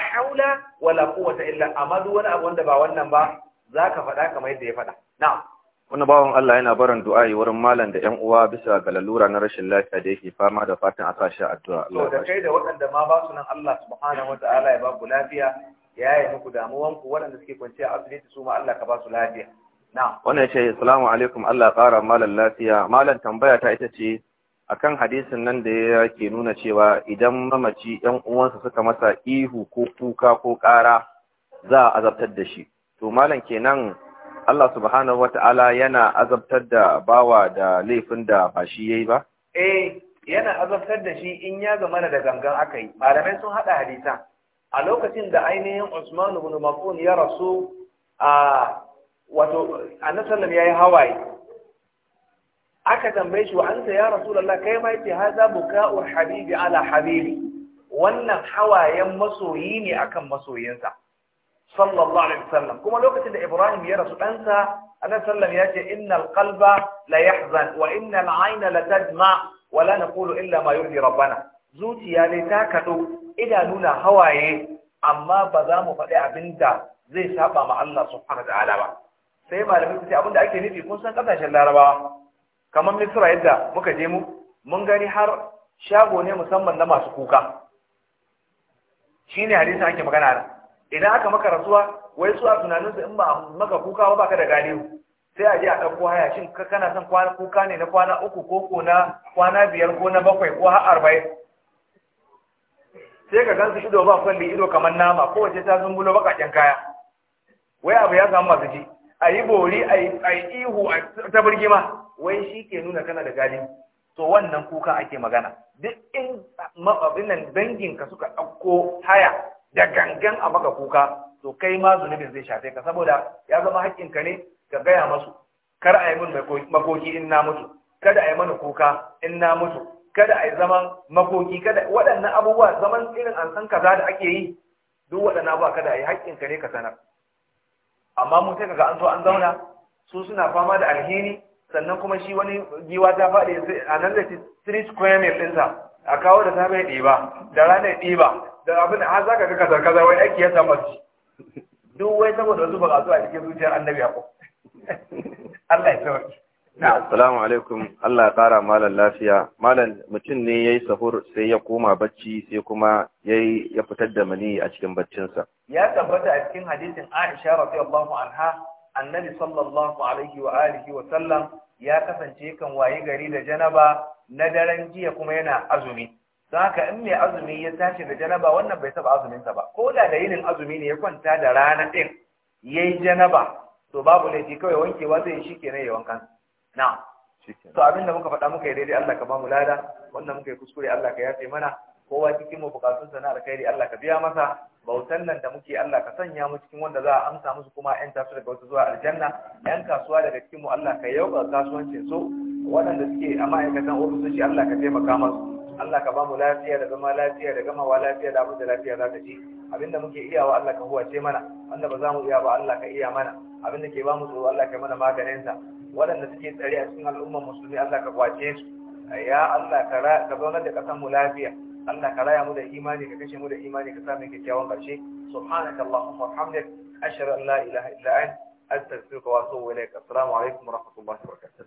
wala quwwata illa amadu wani abu wanda ba wannan ba zaka faɗa kamar yadda ya faɗa na'am wani bawan Allah yana barin du'ayi wurin malam da ƴan uwa bisa ga lalura na rashin lafiya da yake fama da fatan a sashi addu'a Allah da kai da waɗanda ma ba su nan Allah subhanahu wa ta'ala ya ba lafiya ya yi muku damuwanku waɗanda suke kwanciya a asibiti su ma Allah ka ba su lafiya na wannan shi assalamu alaikum Allah ƙara malam lafiya malam tambaya ta ita ce akan hadisin nan da ya ke nuna cewa idan mamaci ɗan uwansa suka masa ihu ko kuka ko ƙara za a azabtar da shi to malam kenan Allah subhanahu wata'ala yana azabtar da bawa da laifin da ba shi yayi ba eh yana azabtar da shi in ya zama da gangan aka yi malamai sun hada hadisan a lokacin da ainihin Usman ibn Maf'un ya rasu a wato annabi sallallahu yayi hawaye aka tambaye shi wa anta ya rasulullah kai ma yace hadha buka'u habibi ala habibi wannan hawayen masoyi ne akan masoyinsa sallallahu alaihi wasallam kuma lokacin da Ibrahim ya rasu ɗansa annabi sallallahu ya ce innal qalba la yahzan wa innal ayna la tadma wa la naqulu illa ma yurdi rabbana zuciya ne ta kaɗo idanu na hawaye amma ba za mu faɗi abin da zai saba ma Allah subhanahu ta'ala ba sai malamai su ce abin da ake nufi kun san ƙasashen larabawa kamar misra yadda muka je mu mun gani har shago ne musamman na masu kuka shine hadisin ake magana da idan aka maka rasuwa wai su a tunanin tunaninsu in ba maka kuka ba baka da galihu sai a je a ɗauko haya shin kana son kuka ne na kwana uku ko ko na kwana biyar ko na bakwai ko har arba'in sai ka gansu ido ba kwalli ido kamar nama kowace ta zumbulo bakaken kaya wai abu ya samu masu ji a yi bori a yi ihu a ta ma. wai shi ke nuna kana da gadi to wannan kuka ake magana duk in abin nan danginka suka ɗauko haya da gangan a maka kuka to kai ma zunubin zai shafe ka saboda ya zama ka ne ka gaya masu kar a yi min makoki in na mutu kada a yi mana kuka in na mutu kada a yi zaman makoki kada waɗannan abubuwa zaman irin an san kaza da ake yi duk waɗannan abubuwa kada a yi haƙƙin ka ne ka sanar amma mu sai kaga an zo an zauna su suna fama da alheri sannan kuma shi wani giwa ta faɗi a nan da "Street square mil ɗinsa a kawo da safe ya ɗiba da rana ya ɗiba da abin har za ka ga kazar kaza wai aiki ya samu duk wai saboda wasu ba a zuwa cikin zuciyar annabi ya ko (laughs) Allah ya tsawaki Assalamu alaikum Allah ya ƙara malam lafiya. Malam mutum ne ya yi sahur sai ya koma bacci sai kuma ya fitar da mani a cikin baccinsa. Ya tabbata a cikin hadisin Aisha radiyallahu anha annabi sallallahu alaihi wa alihi wa sallam ya kasance kan waye gari da janaba na daren jiya kuma yana azumi. haka in mai azumi ya tashi da janaba wannan bai taba azuminsa ba. Ko da da yinin azumi ne ya kwanta da rana ɗin ya yi janaba to babu laifi kawai wankewa zai shi kenan ya wanka. na to abin da muka faɗa muka yi daidai Allah ka ba mu lada wannan muka yi kuskure Allah ka yafe mana kowa cikin mu bukatun sa na alkhairi Allah ka biya masa bautan nan da muke Allah ka sanya mu cikin wanda za a amsa musu kuma yan tasu daga wasu zuwa aljanna yan kasuwa daga cikin mu Allah ka yauka kasuwancin su waɗanda suke a ma'aikatan ofisoshi Allah ka taimaka masu Allah ka ba mu lafiya da zama lafiya da gamawa lafiya da abin da lafiya za ta ci abinda muke iyawa Allah ka huwace mana wanda ba za mu iya ba Allah ka iya mana abinda ke ba mu tsoro Allah ka mana maganinsa waɗanda suke tsare a cikin al'ummar musulmi Allah ka kwace su ya Allah ka zaunar da ƙasar mu lafiya Allah ka raya mu da imani ka kashe mu da imani ka sa mu kyakkyawan ƙarshe subhanaka allahumma wa hamdik ashhadu an la ilaha illa anta astaghfiruka wa atubu ilaik assalamu alaikum wa rahmatullahi wa barakatuh